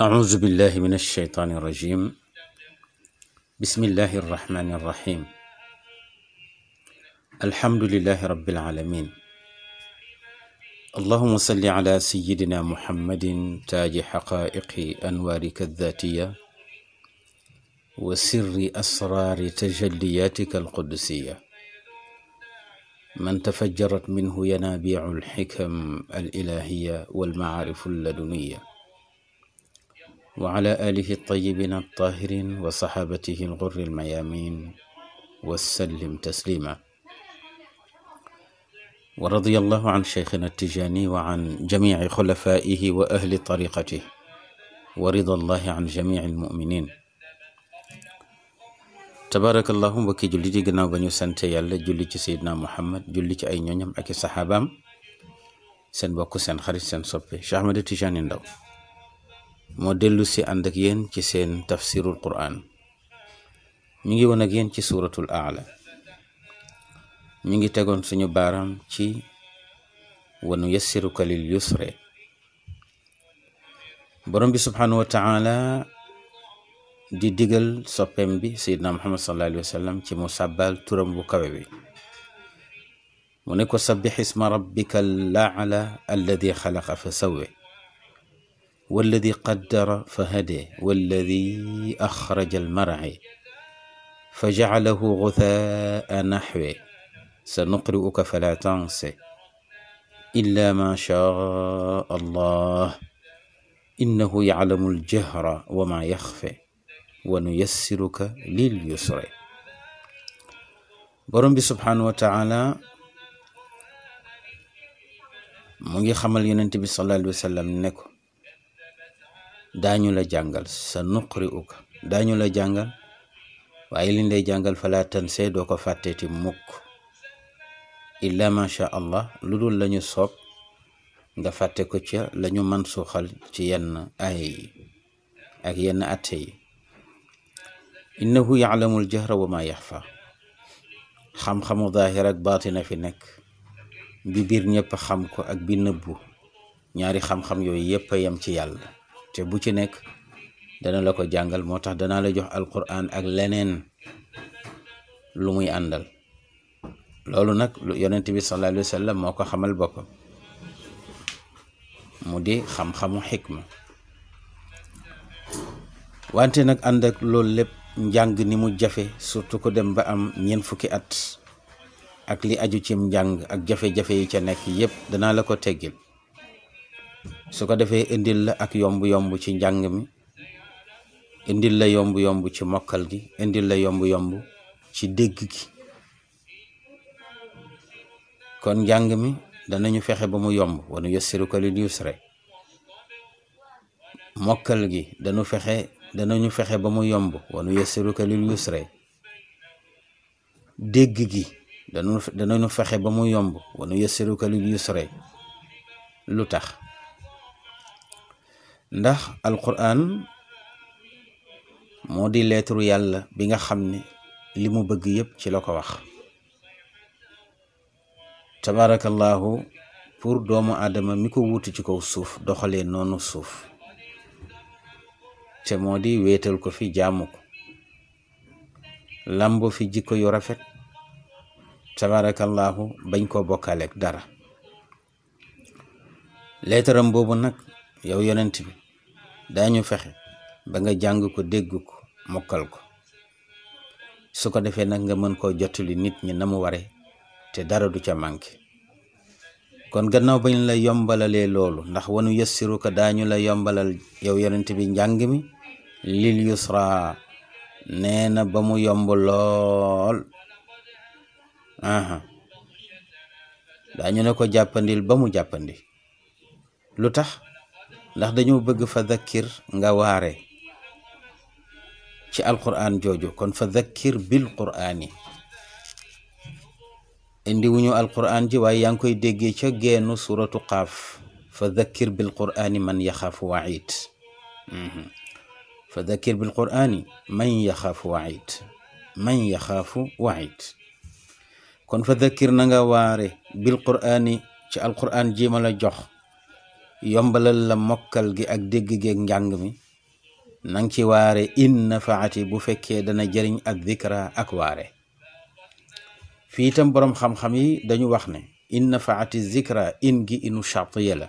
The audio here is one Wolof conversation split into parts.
أعوذ بالله من الشيطان الرجيم بسم الله الرحمن الرحيم الحمد لله رب العالمين اللهم صل على سيدنا محمد تاج حقائق أنوارك الذاتية وسر أسرار تجلياتك القدسية من تفجرت منه ينابيع الحكم الإلهية والمعارف اللدنية وعلى آله الطيبين الطاهرين وصحابته الغر الميامين وسلم تسليما ورضي الله عن شيخنا التجاني وعن جميع خلفائه وأهل طريقته ورضى الله عن جميع المؤمنين تبارك الله وكي جلدي جناب بنيو سنتي الله جلدي سيدنا محمد جلدي أي نيوم أكي صحابام سن بوكو سن خريس سن صبي شاهمد تجاني ندوه moo dellu si ànd yéen ci seen tafsirul quran ñu ngi woon ak yéen ci suuratul aala ñu ngi tegoon suñu baaraam ci wanu yassiruka lil yusre borom bi subhaanahu wa taala di digal soppeem bi seydina muhammad sallallahu alayhi wa sallam ci mu sàbbaal turam bu kawe bi mu ne ko sabbix isma rabbika al aala alladi xalaqa fa sawwe والذي قدر فهدي والذي أخرج المرعي فجعله غثاء نحوه سنقرئك فلا تنس إلا ما شاء الله إنه يعلم الجهر وما يخفي ونيسرك لليسر borom سبحانه وتعالى wa خمل mu ngi xamal yonent bi sallallahu daañu la jàngal sa nuqri uka daañu la jàngal waaye li lay jàngal fala tanse doo ko fàtteeti mukk illa macha allah lu dul lañu soob nga fàtte ko ca lañu man suuxal ci yenn aaya yi ak yenn atte yi innahu yaalamul jahra wa maa yaxfa xam-xamu zaahir ak baatina fi nekk bi biir ñépp xam ko ak bi nëbbu ñaari xam-xam yooyu yëpp a yem ci yàlla te bu ci nekk dana la ko jàngal moo tax danaa la jox alquran ak leneen lu muy àndal loolu nag lu yonent bi sallallahu moo ko xamal boppam mu di xam-xamu xikma wante nag ànd ak loolu lépp njàng ni mu jafe surtout ko dem ba am ñeent fukki at ak li aju cim njàng ak jafe-jafe yi ca nekk yépp danaa la ko teggil su ko defee indil la ak yomb-yomb ci njàng mi indil la yomb-yomb ci mokkal gi indil la yomb-yomb ci dégg gi kon njàng mi danañu fexe ba mu yomb wanu yassiruka lil yusra mokkal gi danu fexe danañu fexe ba mu yomb wanu dégg gi danu danañu fexe ba mu yomb wanu yassiruka lil yusra lu tax ndax alquran moo di leetru yàlla bi nga xam ne li mu bëgg yépp ci la ko wax tabaarakallaahu pour doomu aadama mi ko wuutu ci kaw suuf doxalee noonu suuf te moo di wéetal ko fi jaamu ko lambo fi jikko yu rafet tabaarakallaahu bañ ko bokkaaleeg dara leetaram boobu nag yow yonent bi daañu fexe ba nga jàng ko dégg ko mokkal ko su ko defee nag nga mën ko jottali nit ñi na mu ware te dara du ca manké kon gannaaw bañ la yombalalee loolu ndax wanu yëssiru ko daañu la yombalal yow yonent bi njàng mi lil yusra nee na ba mu yomb lool aha daañu la ko jàppandil ba mu jàppandi lu tax ndax dañoo bëgg fa dhakkir nga waare ci alquran jooju kon fa dhakkir bil qur'ani indi wuñu alquran ji waaye yaa ngi koy déggee ca geenu suratu qaaf fa dhakkir bil qur'ani man yaxaafu waid mhm. fa man yaxaafu waid man kon fa dhakkir na nga waare bil qur'ani ci alquran ji ma jox yombalal la mokal gi ak dégg geeg njàng mi nang ci waare in nafaati bu fekkee dana jariñ ak dikra ak waare fi itam boroom xam-xam yi dañu wax ne in nafaati zikra in gi inu shartiya la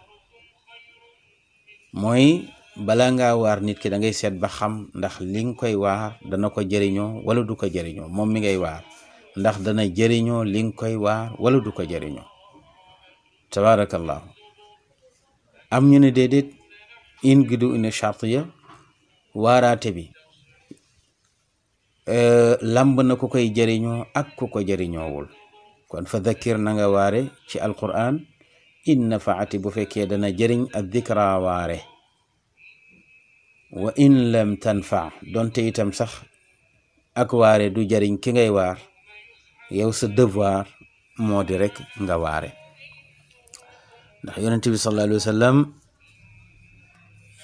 mooy bala nga war nit ki dangay seet ba xam ndax ling koy waar dana ko jëriñoo wala du ko jëriñoo moom mi ngay waar ndax dana jëriñoo li nga koy waar wala du ko jëriñoo tabarakallahu am ñu ne déedéet in gi du une chartiya waaraate bi euh, lamb na ko koy jëriñoo ak ku ko jëriñoowul kon fa dhakkir na nga waare ci alquran in nafaati bu fekkee dana jëriñ ak dikra waare wa in lam tanfa donte itam sax ak waare du jëriñ ki ngay waar yow sa devoir moo di rek nga waare النبي صلى الله عليه وسلم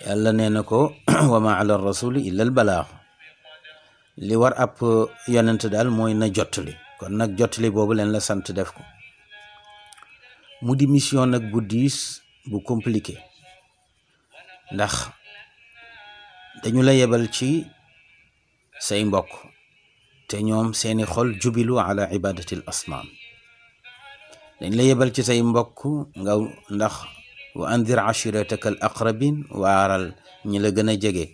يالا نينكو وما على الرسول الا البلاغ لي وار اب يوننت دال موي نا جوتلي كون نك جوتلي بوبو لين لا سانت ديفكو مودي ميسيون نك بوديس بو كومبليكي ناخ دانيو لا يبال شي سي مبوك تي نيوم سيني خول جوبيلو على عباده الاصنام dañ la yebal ci say mbokk nga ndax wa andir ashiratak al aqrabin aral ñi la gëna jege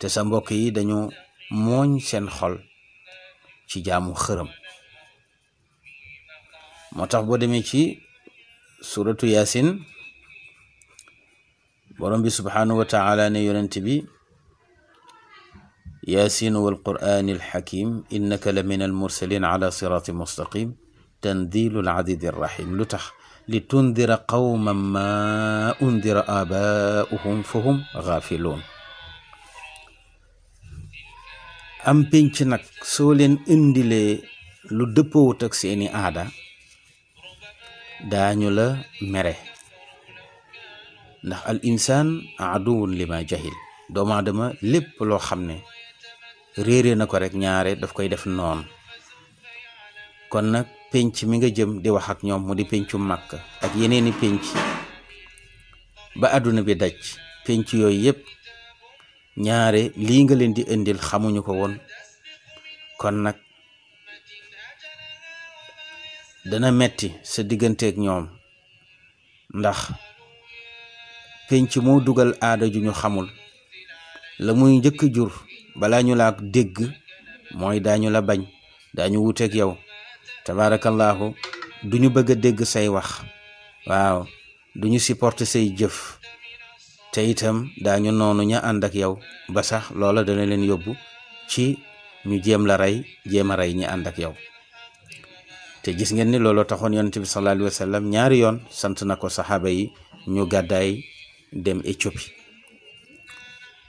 te sa mbokk yi dañu moñ seen xol ci jaamu xërëm motax bo demé ci suratu yasin borom bi subhanahu wa taala ne yonent bi ياسين والقرآن الحكيم إنك لمن المرسلين على صراط مستقيم تنزيل العزيز الرحيم لتح لتنذر قوما ما أنذر آباؤهم فهم غافلون أم بينك سولين إندي لي لدبو تكسيني آدا دانيو لا مره نح الإنسان عدو لما جهل دوما دما لب لو خمني ريري نكو رك نياري دفكو يدف نون كونك pénc mi nga jëm di wax ak ñoom mu di péncu màkk ak yeneeni pénc ba àdduna bi daj pénc yooyu yëpp ñaare lii nga leen di indil xamuñu ko woon kon nag dana metti sa digganteeg ñoom ndax pénc moo dugal aada ju ñu xamul la muy njëkk jur balaa ñu laa dégg mooy daañu la bañ daañu wuteeg yow tabaarakallaahu du ñu bëgg a dégg say wax waaw du ñu supporter say jëf te itam daañu noonu ñu àndak ak yow ba sax loola dana leen yóbbu ci ñu jéem la rey jéem a rey ñi àndak ak yow te gis ngeen ni looloo taxoon yonent bi sallallahu alayhi wa ñaari yoon sant na ko saxaaba yi ñu gàddaay dem Éthiopie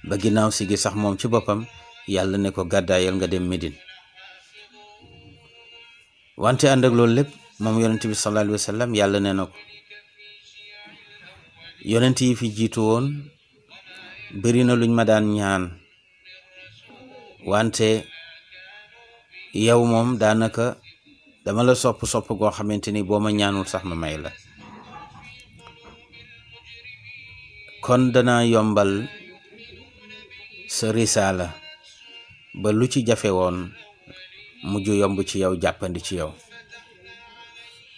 ba ginnaaw si sax moom ci boppam yàlla ne ko gàddaayal nga dem Médine wante ànd ak loolu lépp moom yonent bi sallallahu alayhi wa yàlla nee na ko yonent yi fi jiitu woon bëri na luñ ma daan ñaan wante yow moom daanaka dama la sopp sopp goo xamante ni boo ma ñaanul sax ma may la kon dana yombal sa risaala ba lu ci jafe woon mujj yomb ci yow jàppandi ci yow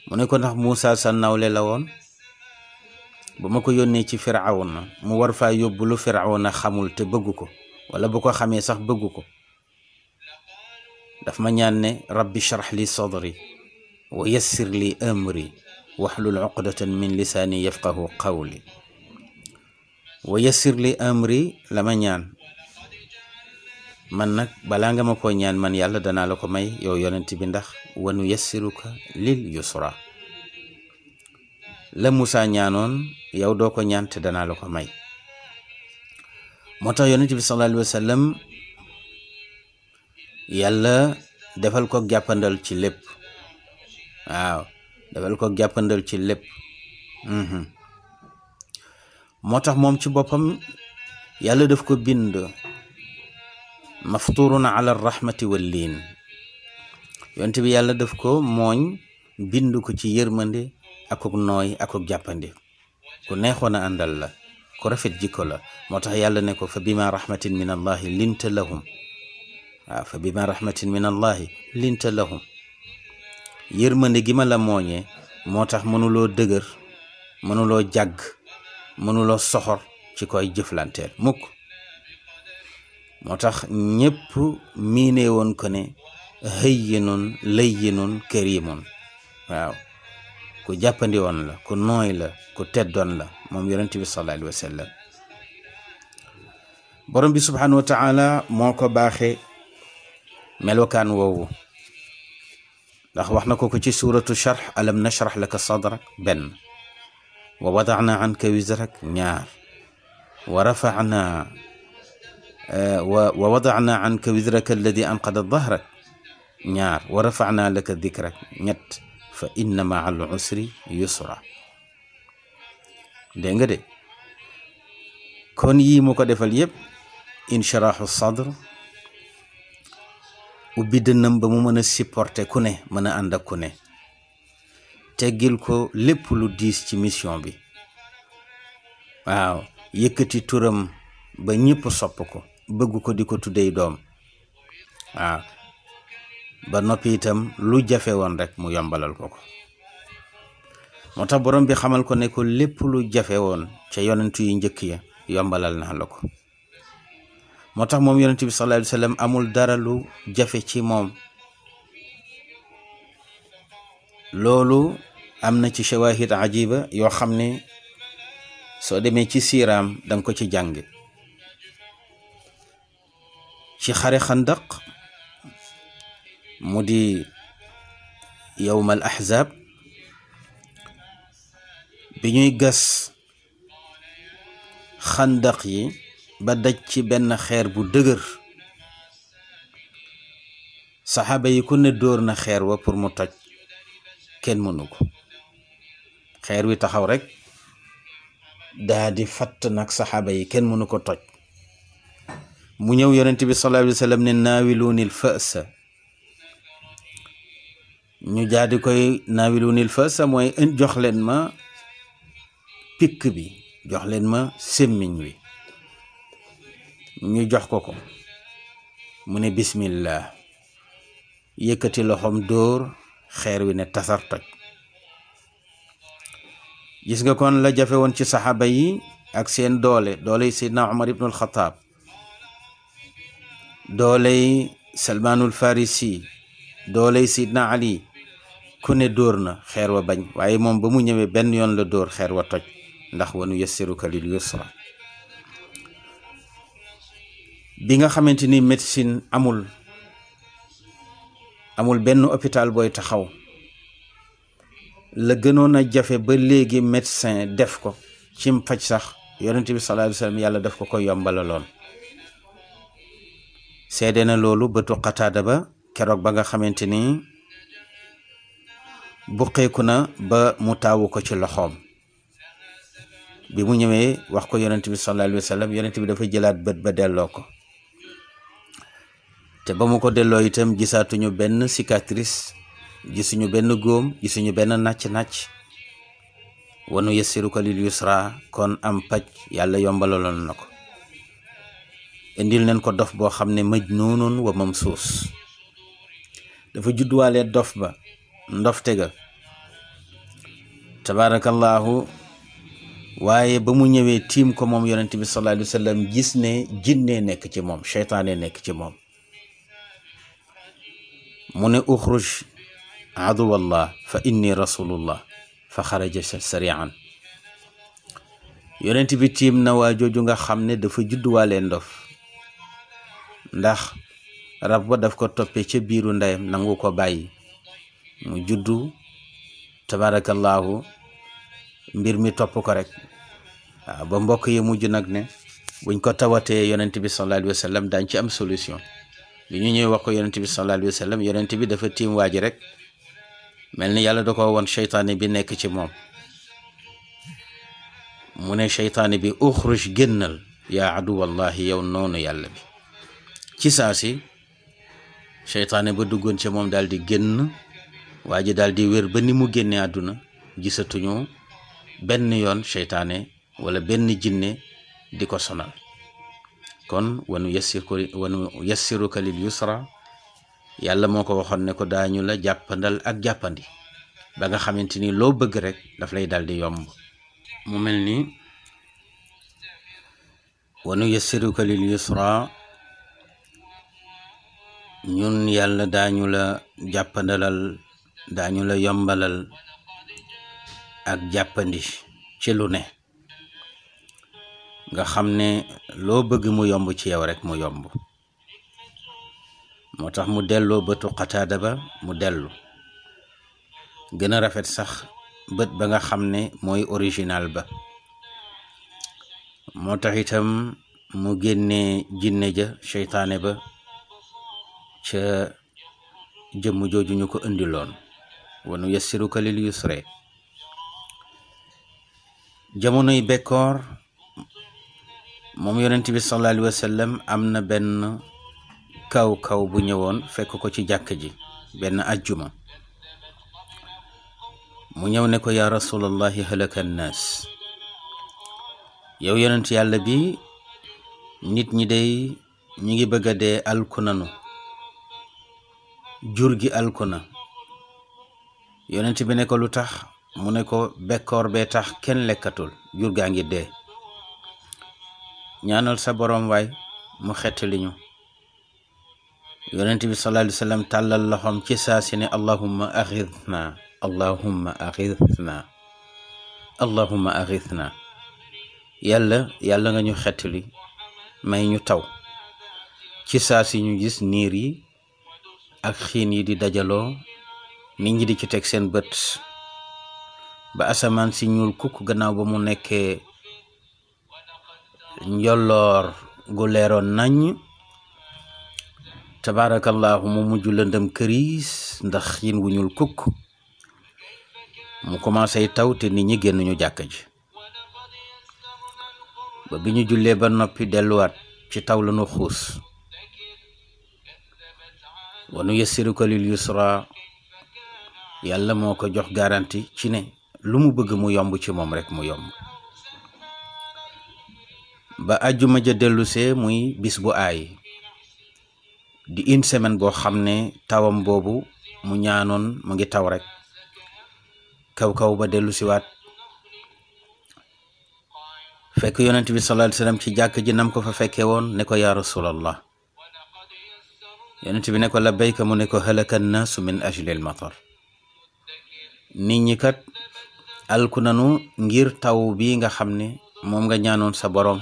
mu ne ko ndax Muusa sa nawle la woon ba ma ko yónnee ci firawna mu war faa yóbbu lu firawna xamul te bëgg ko wala bu ko xamee sax bëgg ko daf ma ñaan ne rabbi sharh li sadri wa yassir li amri waxlul uqdatan min lisaani yafqahu qawli wa yassir li amri la ma ñaan man nag balaa nga ma ko ñaan man yàlla danaa la ko may yow yonent bi ndax wanu yassiruka lil yusra la Moussa ñaanoon yow doo ko ñaan te danaa la ko may moo tax yonent bi sallallahu alayhi wa yàlla defal ko jàppandal ci lépp waaw defal jàppandal ci lépp mhm. moo tax moom ci boppam yàlla daf ko bind mafturun ala rahmati wal liin yonte bi yàlla def ko mooñ bind ko ci yërmande akuk nooy akuk jàppandi ku neexoon na àndal la ku rafet jikko la moo tax yàlla ne ko fa bima rahmatin min allahi linta lahum waaw fa bima rahmatin min allahi gi ma la moo tax mënuloo dëgër mënuloo jàgg mënuloo soxor ci koy jëflanteel mukk motax ñépp miné won ko ne hayyinun layyinun karimun waaw ku jàppandi won la ku noy la ku teddon la mom yaronte bi sallallahu alayhi wasallam borom bi subhanahu wa taala moko baxé melokan wowo ndax waxna ko ko ci suratu sharh alam nashrah laka sadrak ben wa wadana anka wizrak ñaar wa آه، ووضعنا عنك وزرك الذي أنقذ ظهرك نار نعم، ورفعنا لك ذكرك نت فإنما على العسر يسرا دينغ دي كون يي موكو ديفال ييب ان شرح الصدر وبيد نم بمو مانا سيبورتي كوني مانا اندا كوني تيغيل كو ليپ لو ديس تي ميسيون بي واو آه، يكتي تورم با نييب سوبكو bëgg ko di ko tuddee doom waaw ah. ba noppi itam lu jafe woon rek mu yombalal ko ko moo tax borom bi xamal ko ne lépp lu jafewoon woon ca yonent njëkk ya yombalal na la ko moo tax moom yonent bi sallallahu alayhi wa amul dara lu jafe ci moom loolu am na ci shawahid ajiba yoo xam ne soo demee ci siiraam danga ko ci jànge ci xare xandaq mu di yowm al ahzab bi ñuy gas xandaq yi ba daj ci benn xeer bu dëgër saxaaba yi ku ne dóor na xeer wa pour mu toj kenn mënu ko xeer wi taxaw rek daa di fatt nag saxaaba yi kenn mënu ko toj mu ñëw yaronte bi sallallahu alayhi wasallam ne nawilunil fas ñu jaadi koy naawiluunil fa'sa mooy jox len ma pik bi jox len ma sémmiñ wi ñu jox ko ko mu ne bismillah yekati loxom dóor xeer wi ne tasar toj gis nga kon la jafe woon ci sahaba yi ak seen doole doole yi umar ibn al-khattab dooley salmaanul farisi dooley sidna ali ku ne dóor na xeer wa bañ waaye moom ba mu ñëwee benn yoon la dóor xeer wa toj ndax wanu yassiruka lil yusra bi nga xamante ni médecine amul amul benn hôpital booy taxaw la gënoon a jafe ba léegi médecin def ko cim faj sax yonent bi sallallahu alayhi wasallam yàlla daf ko ko yombalaloon seede na loolu bëtu xataada ba keroog ba nga xamante ni buqeeku na ba mu taawu ko ci loxoom bi mu ñëwee wax ko yonent bi sallallahu alayhi yonent bi dafa jëlaat bët ba delloo ko te ba mu ko delloo itam gisaatuñu benn cicatrice gisuñu benn góom gisuñu benn nàcc-nàcc wanu yassiruka lil yusra kon am paj yàlla yombalaloon na ko indil nañ ko dof boo xam ne mëj noonun wa mam suus dafa juddwaale dof ba ndof tega tabaarakallaahu waaye ba mu ñëwee tiim ko moom yonent bi sallallahu alayhi wa sallam gis ne jinne nekk ci moom seytaane nekk ci moom mu ne uxruj aduwallah fa inni rasulullah fa xaraja sarian yonent bi tiim na waa jooju nga xam ne dafa judduwaalee ndof ndax rab ba daf ko toppee ci biiru ndeyam nangu ko bàyyi mu juddu tabaarakallaahu mbir mi topp ko rek ba mbokk yi mujj nag ne buñ ko tawatee yonent bi sallallahu alayhi wa sallam ci am solution bi ñu ñëw wax ko yonent bi sallallahu alayhi wa sallam yonent bi dafa tiim waa ji rek mel ni yàlla da ko seytaane bi nekk ci moom mu ne seytaane bi uxruj génnal yaa aduwallahi yow noonu yàlla bi ci saa si seytaane ba duggoon ci moom daal di génn waa ji daal di wér ba ni mu génne àdduna gisatuñu benn yoon seytaane wala benn jinne di ko sonal kon wanu yassir ko yàlla moo ko waxoon ne ko daañu la jàppandal ak jàppandi ba nga xamante ni loo bëgg rek daf lay dal di yomb mu mel ni wanu yassiruka lil ñun yàlla daañu la jàppandalal daañu la yombalal ak jàppandi ci lu ne nga xam ne loo bëgg mu yomb ci yew rekk mu yomb moo tax mu delloo bëtu xataada ba mu dellu gën a rafet sax bët ba nga xam ne mooy original ba moo tax itam mu génnee jinne ja seytaane ba ca jëmm jooju ñu ko indiloon wanu yassiruka lil yusre jamonoy bekkoor moom yonent bi sallallahu alayhi am na benn kaw kaw bu ñëwoon fekk ko ci jàkk ji benn ajjuma mu ñëw ne ko yaa rasulallahi halaka annaas yow yonent yàlla bi nit ñi day ñu ngi bëgg a dee alku jur gi alku na bi ne ko lu tax mu ne ko bekkoor bee tax kenn lekkatul jur gaa ngi dee ñaanal sa boroom waay mu xettali ñu yonent bi sallallahu alayhi wa tàllal loxoom ci saa si ne allahumma axisna allahumma axisna allahumma yàlla yàlla nga ñu xettali may ñu taw ci saa si ñu gis niir yi ak xiin yi di dajaloo nit ñi di ci teg seen bët ba asamaan si ñuul kukk gannaaw ba mu nekkee njolloor gu leeroon nañ tabaarakallaahu mu mujj lëndëm këriis ndax xiin wu ñul kukk mu commencé taw te nit ñi génn ñu jàkka ji ba bi ñu jullee ba noppi delluwaat ci taw la wa nuyassiruka lil yusra yàlla moo ko jox garanti ci ne lu mu bëgg mu yomb ci moom rek mu yomb ba àjjuma ja dellusee muy bis bu aay di une semaine boo xam ne tawam boobu mu ñaanoon mu ngi taw rek kaw-kaw ba dellusiwaat fekk yonent bi sallallahu alayhi ci jàkk ji nam ko fa fekkee woon ne ko yaa rasulallah yonent bi ne ko labbayka mu ne ko halaka annaasu min ajlil matar nit ñi kat alku nanu ngir taw bi nga xam ne moom nga ñaanoon sa boroom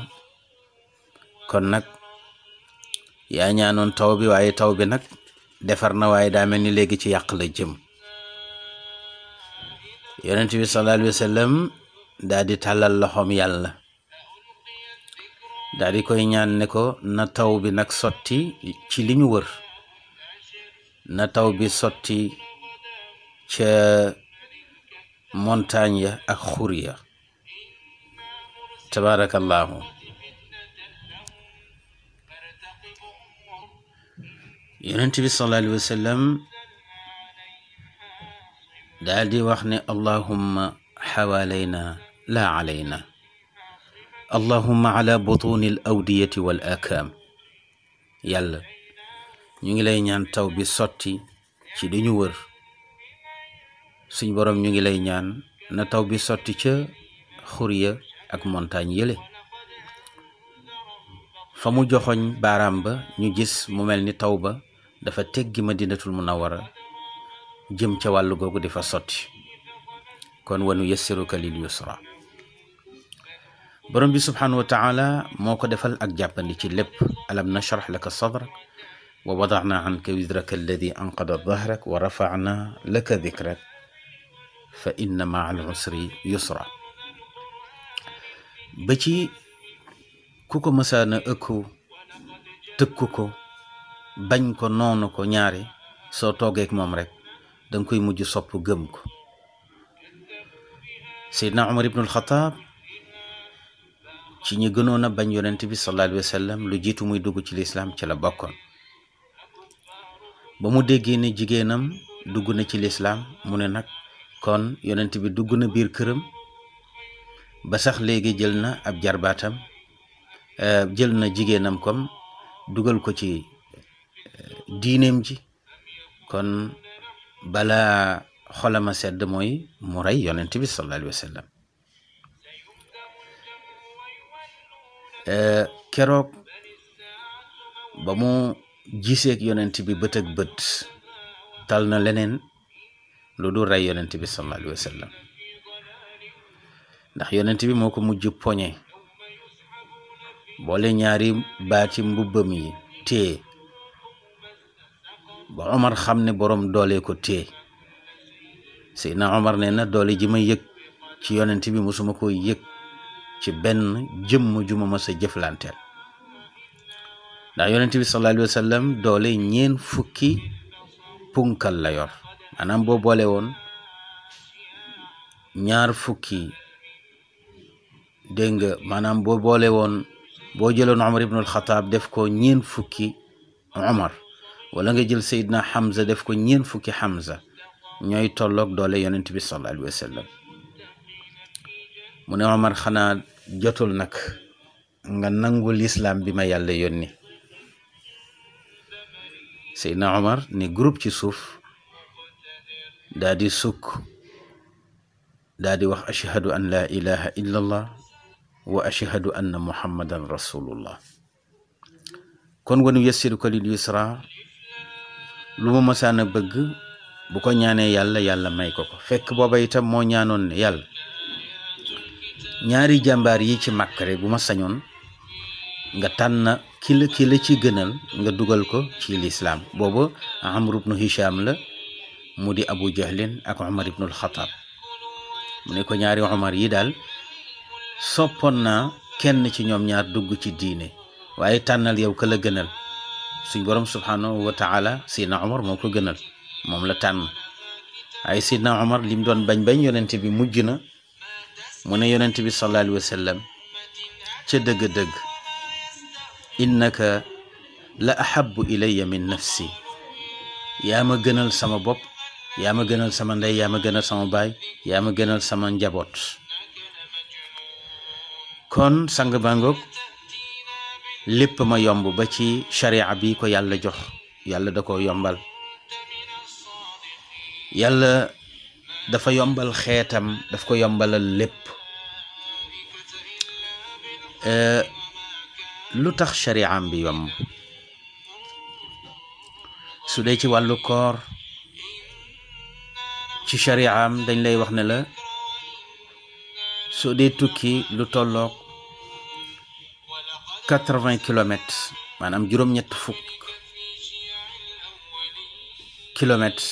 kon nag yaa ñaanoon taw bi waaye taw bi nag defar na waaye daa mel ni léegi ci yàq la jëm yonent bi sallallahu alayhi wa sallam daa di tàllal loxoom yàlla daa di koy ñaan ne ko na taw bi nag sotti ci li ñu wër na taw bi sotti ca montagne ya ak xur ya tabaarakallaahu yonent bi sallallahu alayhi wa sallam daal di wax ne allahumma xawaalayna laa calayna allahumma ala butuni al awdiyati wal akaam yàlla ñu ngi lay ñaan taw bi sotti ci di ñu wër suñ boroom ñu ngi lay ñaan na taw bi sotti ca xur ak montagne yële fa mu joxoñ baaraam ba ñu gis mu mel ni taw ba dafa teggi a wara jëm ca wàll googu di fa sotti kon wanu yassiruka lil yusra borom bi subhanahu wa taala moo ko defal ak jàppandi ci lépp alam la ko sadrak wa wadaana anka wisraka alladi anqada dahrak wa rafana laka dikrak fa inna maa al usri yusra ba ci ku ko mësaana ëkku tëkku ko bañ ko noonu ko ñaari soo toogeek moom rek danga koy mujj sopp gëm ko seydna umar ibnul xataab ci ñi gënoon a bañ yonent bi sallallahu alayhi wa sallam lu jiitu muy dugg ci lislaam ci la bokkoon ba mu déggee ne jigéenam dugg na ci lislaam mu ne nag kon yonent bi dugg na biir këram ba sax léegi jël na ab jarbaatam eh, jël na jigéenam kom dugal ko ci eh, diineem ji kon bala xolama sedd mooy mu rey yonent bi sallallahu alayhi eh, keroog ba mu giseek yonent bi bët bët tal na leneen lu dul rey yonent bi sallallahu alayhi ndax yonent bi moo ko mujj poñe boole ñaari baati mbubbam yi téye ba Omar xam ne boroom doole ko téye Seydina Omar nee na doole ji ma yëg ci yonent bi mosuma ko yëg ci benn jëmm ju ma mës jëflanteel ndax yonent bi sallallahu alayhi wa doole ñeen fukki punkal la yor maanaam boo boole woon ñaar fukki dégg nga maanaam boo boole woon boo jëloon Omar ibn al def ko ñeen fukki Omar wala nga jël Seydina Hamza def ko ñeen fukki Hamza ñooy tollook doole yonent bi sallallahu alayhi wa mu ne Omar xanaa jotul nag nga nangul lislaam bi ma yàlla yónni Seydina Omar ni group ci suuf daa di sukk daa wax ashhadu an laa ilaha illa wa ashhadu anna muhammadan rasulullah kon wanu yassiruka lil yusra lu mu masaan a bëgg bu ko ñaanee yàlla yàlla may ko ko fekk booba itam moo ñaanoon ne yàlla ñaari jàmbaar yi ci màkk rek bu ma sañoon nga tànn ki la ki la ci gënal nga dugal ko ci lislaam booba amr ibnu hisham la mu di abu jahlin ak omar ibnu alxataab mu ne ko ñaari omar yi daal soppoon naa kenn ci ñoom ñaar dugg ci diine waaye tànnal yow ka la gënal suñ borom subhanahu wa taala sidna omar moo ko gënal moom la tànn waaye sidna omar lim doon bañ bañ yonent bi mujj na mu ne yonent bi sallallahu alayhi wa sallam ca dëgg-dëgg innaka la ahabbu ilayya min nafsi yaa ma gënal sama bopp yaa ma gënal sama ndey yaa ma gënal sama baay yaa ma gënal sama njaboot kon sang bangoog lépp ma yomb ba ci sharia bi ko yàlla jox yàlla da ko yombal yàlla dafa yombal xeetam daf ko yombalal lépp lu tax shari'am bi yomb su dee ci wàllu koor ci shari'am dañ lay wax ne la soo dee tukki lu tollook quatre-vingts kilomètres maanaam juróom-ñett fukk kilomètres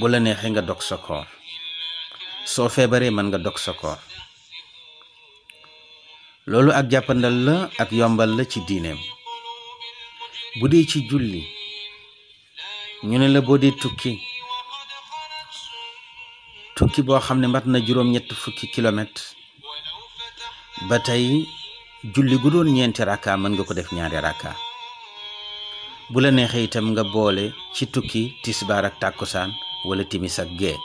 bu la neexee nga dog sa koor soo feebaree mën nga dog sa koor loolu ak jàppandal la ak yombal la ci diineem bu dee ci julli ñu ne la boo dee tukki tukki boo xam ne mat na juróom-ñett fukki kilomètre ba tey julli gu doon ñeenti rakka mën nga ko def ñaari rakka bu la neexee itam nga boole ci tukki tisbaar ak tàkkusaan wala timis ak gee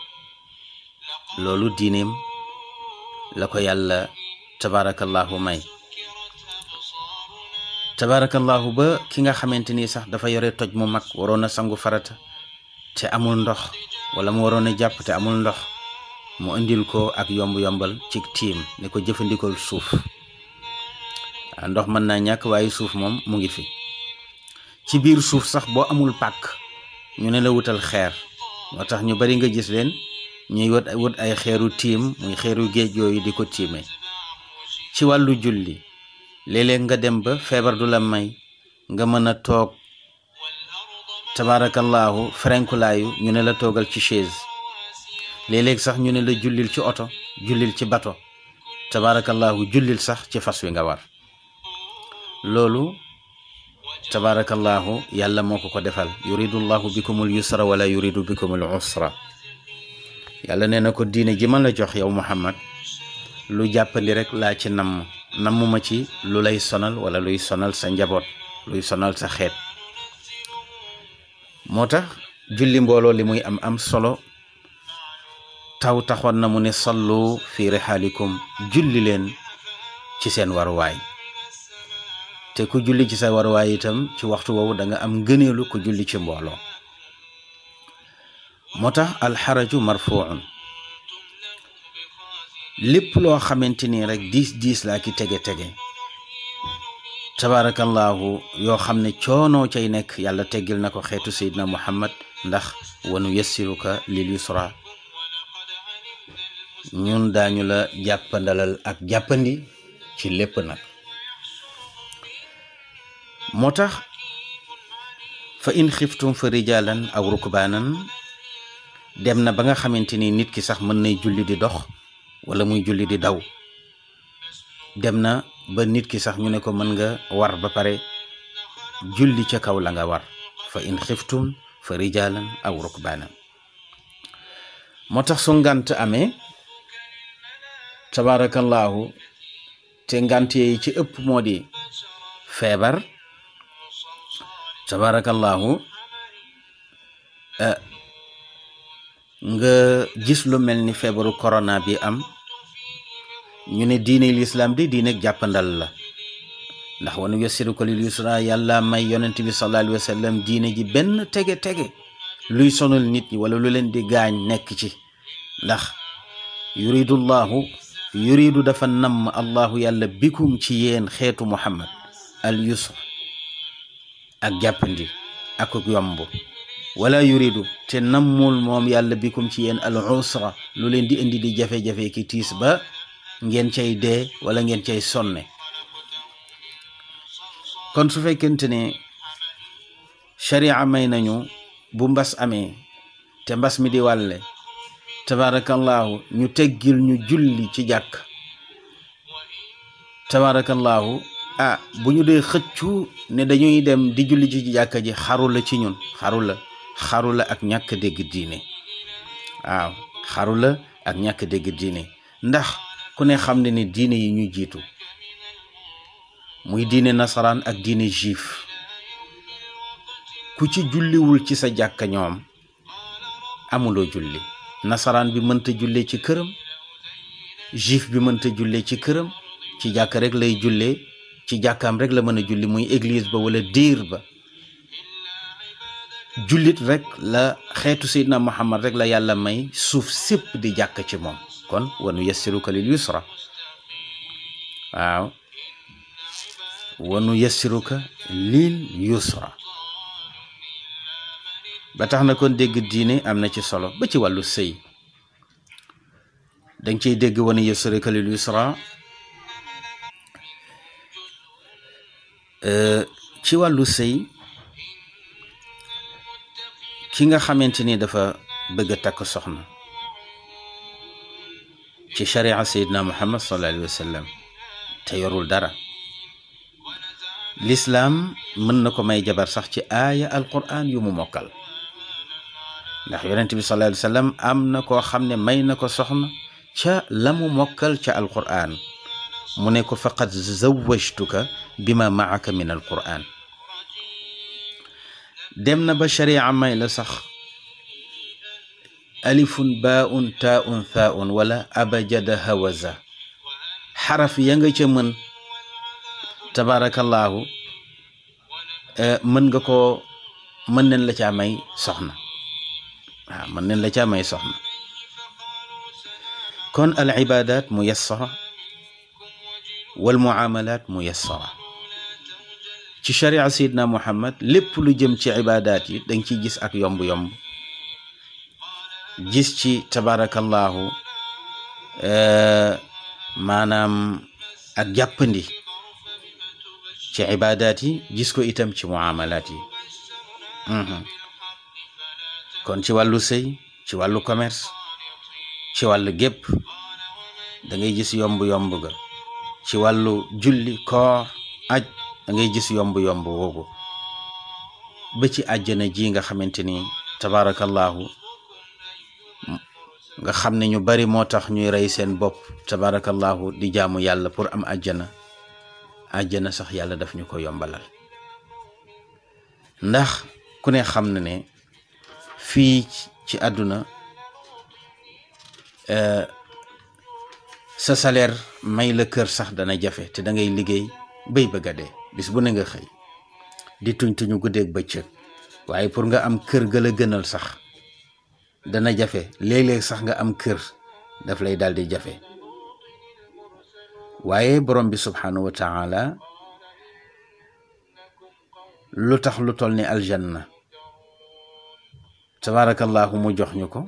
loolu diineem la ko yàlla tabaarakallaahu may tabaarakallaahu ba ki nga xamante ni sax dafa yore toj mu mag waroon a sangu farata te amul ndox wala mu waroon a jàpp te amul ndox mu indil ko ak yomb-yombal ci tiim ne ko jëfandikoo suuf ah, ndox mën naa ñàkk waaye suuf moom mu ngi fi ci biir suuf sax boo amul pàkk ñu ne la wutal xeer moo tax ñu bari nga gis leen ñuy wut wut ay xeeru tiim muy xeeru géej yooyu di ko tiime ci wàllu julli léeg nga dem ba feebar du la may nga mën a toog tabaarakallaahu frenkulaayu ñu ne la toogal ci chaise léeg sax ñu ne la jullil ci oto jullil ci bato tabaarakallaahu jullil sax ci fas wi nga war loolu tabaarakallaahu yàlla moo ko ko defal yuridu llahu bikumul yusra wala yuridu bikumul usra yàlla nee na ko diine ji mën la jox yow muhammad lu jàppandi rek laa ci namm nammuma ci lu lay sonal wala luy sonal sa njaboot luy sonal sa xeet moo tax julli mbooloo li muy am am solo taw taxoon na mu ne sallu fi rihaalikum julli leen ci seen waruwaay te ku julli ci sa waruwaay itam ci waxtu woowu danga am ngëneelu ku julli ci mbooloo moo tax alxaraju marfuun lépp loo xamante ni rek diis diis laa ci tege-tege tabaarakallaahu yoo xam ne coonoo cay nekk yàlla teggil na ko xeetu seydina muhammad ndax wanu yassiruka lil yusra ñun daañu la jàppandalal ak jàppandi ci lépp nag moo tax fa in xiftum fa rijaalan aw rukbaanan dem na ba nga xamante ni nit ki sax mën nay julli di dox wala muy julli di daw dem na ba nit ki sax ñu ne ko mën nga war ba pare julli ca kaw la nga war fa in xiftum fa rijaalan aw rukbaanan moo tax su ngant amee tabaarakallaahu te ngant yi ci ëpp moo di feebar tabaarakallaahu eh, nga gis lu mel ni feebaru corona bi am ñu ne diine lislaam di diineeg jàppandal la ndax wanu yassiruka lil yusra yàlla may yonent bi sallallahu alayhi wa diine ji benn tege-tege luy sonal nit ñi wala lu leen di gaañ nekk ci ndax yuridu llahu yuridu dafa namm allahu yàlla bikum ci yéen xeetu muhammad al yusra ak jàppandi ak yomb wala yuridu te nammul moom yàlla bikum ci yéen al usra lu leen di indi jafe-jafe ki tiis ba ngeen cay dee walla ngeen cay sonne kon su fekkente ne sharia may nañu bu mbas amee te mbas mi di wàlle tabaarakallaahu ñu teggil ñu julli ci jàkk tabaarakallaahu ah bu ñu dee xëccu ne dañuy dem di julli ci jàkka ji xaru la ci ñun xaru ak ñàkk dégg diine waaw xaru ak ñàkk dégg diine ndax ku ne xam ne ni diine yi ñu jiitu muy diine nasaraan ak diine juif ku ci julliwul ci sa jàkka ñoom amuloo julli nasaraan bi mënta julle ci këram juif bi mënta jullee ci këram ci jàkka rek lay julle ci jàkkaam rek la mën a julli muy églis ba wala diir ba jullit rek la xeetu seydina muhammad rek la yàlla may suuf sépp di jàkk ci moom kon wanu yassiruka lil yusra waaw wanu yassiruka lil yusra ba tax na kon dégg diine am na ci solo ba ci wàllu sëy danga ciy dégg wanu yassiruka lil yusra ci wàllu sëy ki nga xamante ni dafa bëgg takk soxna ci shari'a sayyidina muhammad sallallahu alayhi wa sallam te yorul dara lislaam mën na ko may jabar sax ci aaya alquran yu mu mokkal ndax yonent bi sallallahu alayhi wa sallam am na koo xam ne may na ko soxna ca la mu mokkal ca alquran mu ne ko faqad zawajtuka bima maaka min alquran dem na ba shari'a may la sax alifun baun taun thaun wala abajada hawaza xaraf ya nga ca mën tabaarakallaahu eh, mën nga ko mën nañ la caa may soxna mën nañ la caa may soxna kon al ibadat muyassara wal muamalat muyassara ci sharia sayidna muhammad lépp lu jëm ci ibadat yi danga ci gis ak yomb-yomb gis ci tabarakallahu eh, maanaam ak jàppandi ci ibaadaat yi gis ko itam ci muamalaat yi mhm. kon ci wàllu sëy ci wàllu commerce ci wàllu gépp da ngay gis yomb-yomb ga ci wàllu julli koor aj da ngay gis yomb-yomb woogu ba ci àjjana ji nga xamante ni tabarakallahu nga xam ne ñu bari moo tax ñuy rey seen bopp tabarakallahu di jàmm yàlla pour am àjjana àjjana sax yàlla daf ñu ko yombalal ndax ku ne xam na ne fii ci àdduna euh, sa salaire may la kër sax dana jafe te dangay liggéey bay bëgg a bis bu ne nga xëy di tuñ tuñu guddeeg bëccëg waaye pour nga am kër ga la gënal sax dana jafe léeg-léeg sax nga am kër daf lay daal di jafe waaye borom bi subhaanahu wa taala lu tax lu tol ni aljanna tabaarakallaahu mu jox ñu ko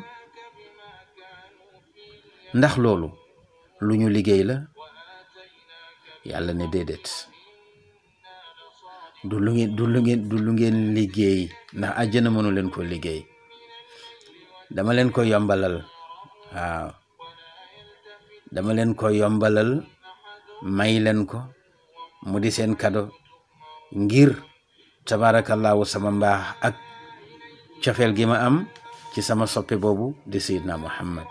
ndax loolu lu ñu liggéey la yàlla ne déedéet du lu ngeen du lu du lu ngeen liggéey ndax àjjana mënu leen ko liggéey dama leen ko yombalal waaw dama leen ko yombalal may leen ko mu di seen kado ngir tabaarakallaahu sama mbaax ak cofeel gi ma am ci sama soppe boobu di sayidna muhammad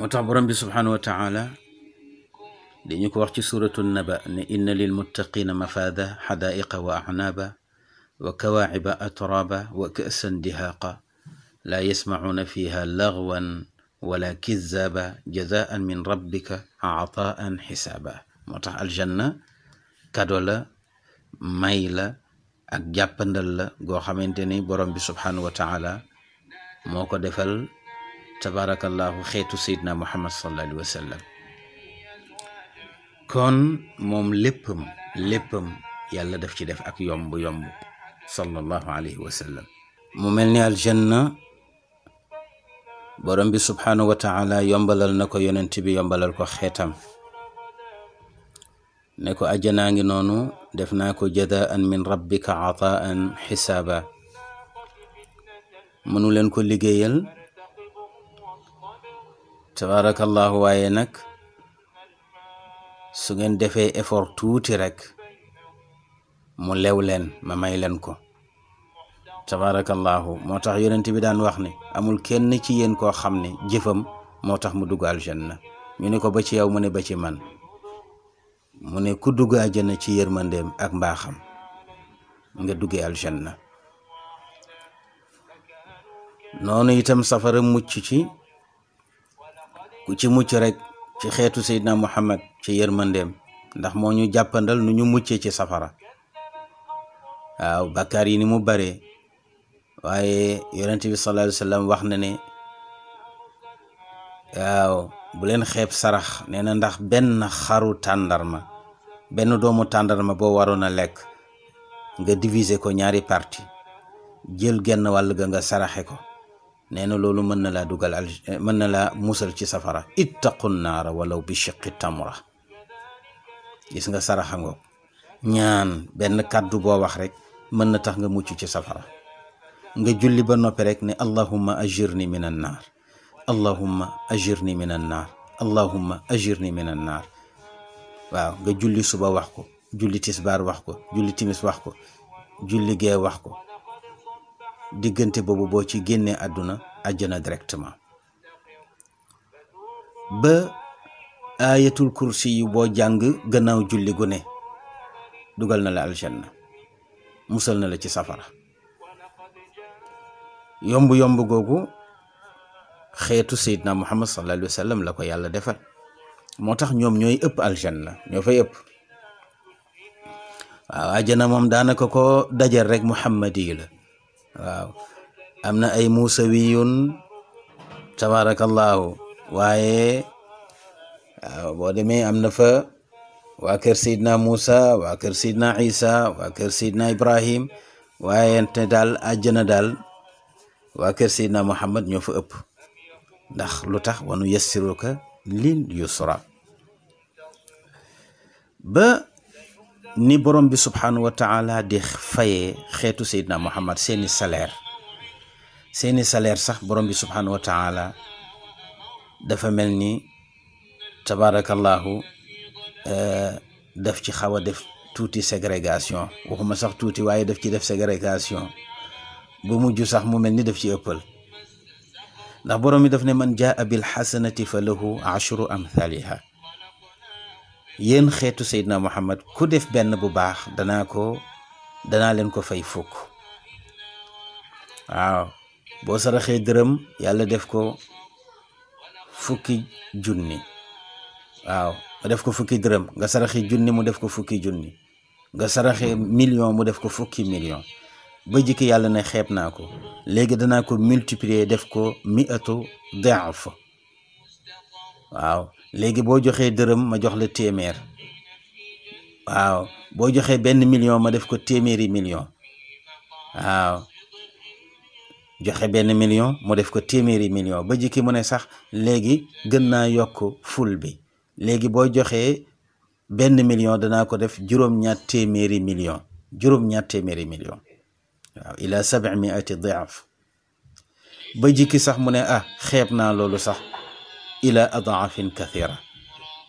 moo tax borom bi subhaanahu wa taala dañu ko wax ci suratu naba ne inna lil muttaqina mafada wa axnaaba وكواعب أترابا وكأسا دهاقا لا يسمعون فيها لغوا ولا كذابا جزاء من ربك عطاء حسابا متع الجنة كدولا ميلا أجابندلا غوخمنتني بورم سبحانه وتعالى موكو دفل تبارك الله خيت سيدنا محمد صلى الله عليه وسلم كون موم لبم لبم يلا دفتي دف أك يوم بو يوم بو sallallahu mu mel ni aljanna borom bi subhaanahu wa yombalal na ko yonent bi yombalal ko xeetam ne ko ajjanaa ngi noonu def naa ko jadaan min rabbika ataan xisaaba mënu leen ko liggéeyal tabaarakallahu waaye nag su ngeen defee effort tuuti rek mu lew leen ma may leen ko tabaarakallaahu moo tax yonent bi daan wax ne amul kenn ci yéen koo xam ne jëfam moo tax mu dugg aljanna ñu ni ko ba ci yow mu ne ba ci man mu ne ku dugg aljanna ci yërmandeem ak mbaaxam nga duggee aljanna noonu itam safara mucc ci ku ci mucc rek ci xeetu seydina muhammad ci yërmandeem ndax moo ñu jàppandal nu ñu muccee ci safara waaw bàkkaar yi ni mu bare waaye yonent bi sallallahu alayhi wax na ne waaw bu leen xeeb sarax nee na ndax benn xaru tàndarma benn doomu tàndarma boo waroon a lekk nga divise ko ñaari parti jël genn wàll ga nga saraxe ko nee na loolu mën na laa dugal mën na laa musal ci safara ittaqu naara walaw bi shiqi tamra gis nga saraxa nga ñaan benn kàddu boo wax rek mën na tax nga mucc ci safara nga julli ba noppi rek ne allahumma ajirni min an naar allahumma ajirni min an naar allahumma ajirni min an naar waaw nga julli suba wax ko julli tisbaar wax ko julli timis wax ko julli gee wax ko diggante boobu boo ci génnee àdduna àjjana directement ba ayatul kursi yu boo jàng gannaaw julli gu ne dugal na la aljanna musal na la ci safara yomb yomb googu xetu sayyidna muhammad sallallahu alayhi wasallam sallam la ko yàlla defal motax ñom ñoy ëpp aljanna ñoy fay ëpp waaw ajana moom daanaka ko dajal rek muhammad la waaw amna ay musawiyun tabarakallah waye bo deme amna fa واكر سيدنا موسى واكر سيدنا عيسى واكر سيدنا ابراهيم واين تدال اجنا دال واكر سيدنا محمد نيو فوب داخ لوتاخ وانو يسروك لين يسرا ب ني بروم بي سبحانه وتعالى دي خفاي خيتو سيدنا محمد سيني سالير سيني سالير صح بروم بي سبحانه وتعالى دا فا ملني تبارك الله daf ci xaw a def tuuti ségrégation waxuma sax tuuti waaye daf ci def ségrégation ba mujj sax mu mel ni daf ci ëppal ndax borom mi daf ne man jaa bil xasanati fa lahu ashru amthaliha yéen xeetu Seydina Muhammad ku def benn bu baax danaa ko danaa leen ko fay fukk waaw boo saraxee dërëm yàlla def ko fukki junni waaw nga def ko fukki dërëm nga saraxi junni mu def ko fukki junni nga saraxee million mu def ko fukki million ba jikki yàlla ne xeeb naa ko léegi danaa ko multiplier def ko miatu daaf waaw léegi boo joxee dërëm ma jox la téeméer waaw boo benn million ma def ko téeméeri million joxe benn million mu def ko téeméeri million ba jikki mu ne sax léegi gën naa yokk ful bi léegi boo joxee benn million danaa ko def juróom-ñaar million juróom-ñaar téeméeri million waaw ila sabi miati diaf ba jikki sax mu ne ah xeeb naa loolu sax ila adaafin kathira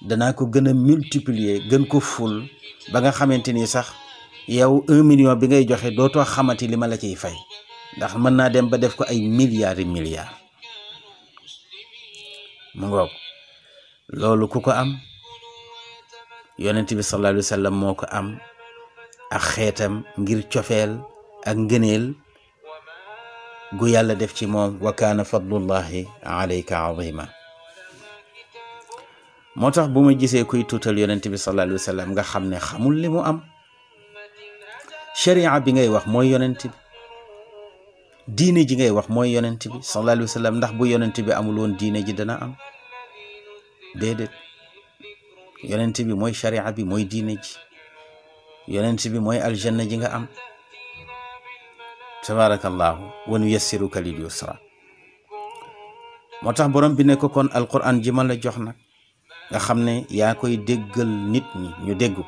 danaa ko gën a multiplier gën ko ful ba nga xamante ni sax yow un million bi ngay joxe dootoo xamati li ma la ciy fay ndax mën naa dem ba def ko ay milliards yi milliards loolu ku ko am yonent bi sallallahu alayhi moo ko am ak xeetam ngir cofeel ak ngëneel gu yàlla def ci moom wa kaana fadlullahi alayka azima moo tax bu ma gisee kuy tuutal yonent bi sallallahu alayhi nga xam ne xamul li mu am sharia bi ngay wax mooy yonent bi diine ji ngay wax mooy yonent bi sallallahu alayhi ndax bu yonent bi amul woon diine ji dana am déedéet yonenti bi moy sharia bi moy dine ji yonenti bi moy aljanna ji nga am tabarakallah wa nuyassiruka lil yusra motax borom bi ne ko kon alquran ji ma la jox nak nga xamne ya koy déggal nit ñi ñu dégg ko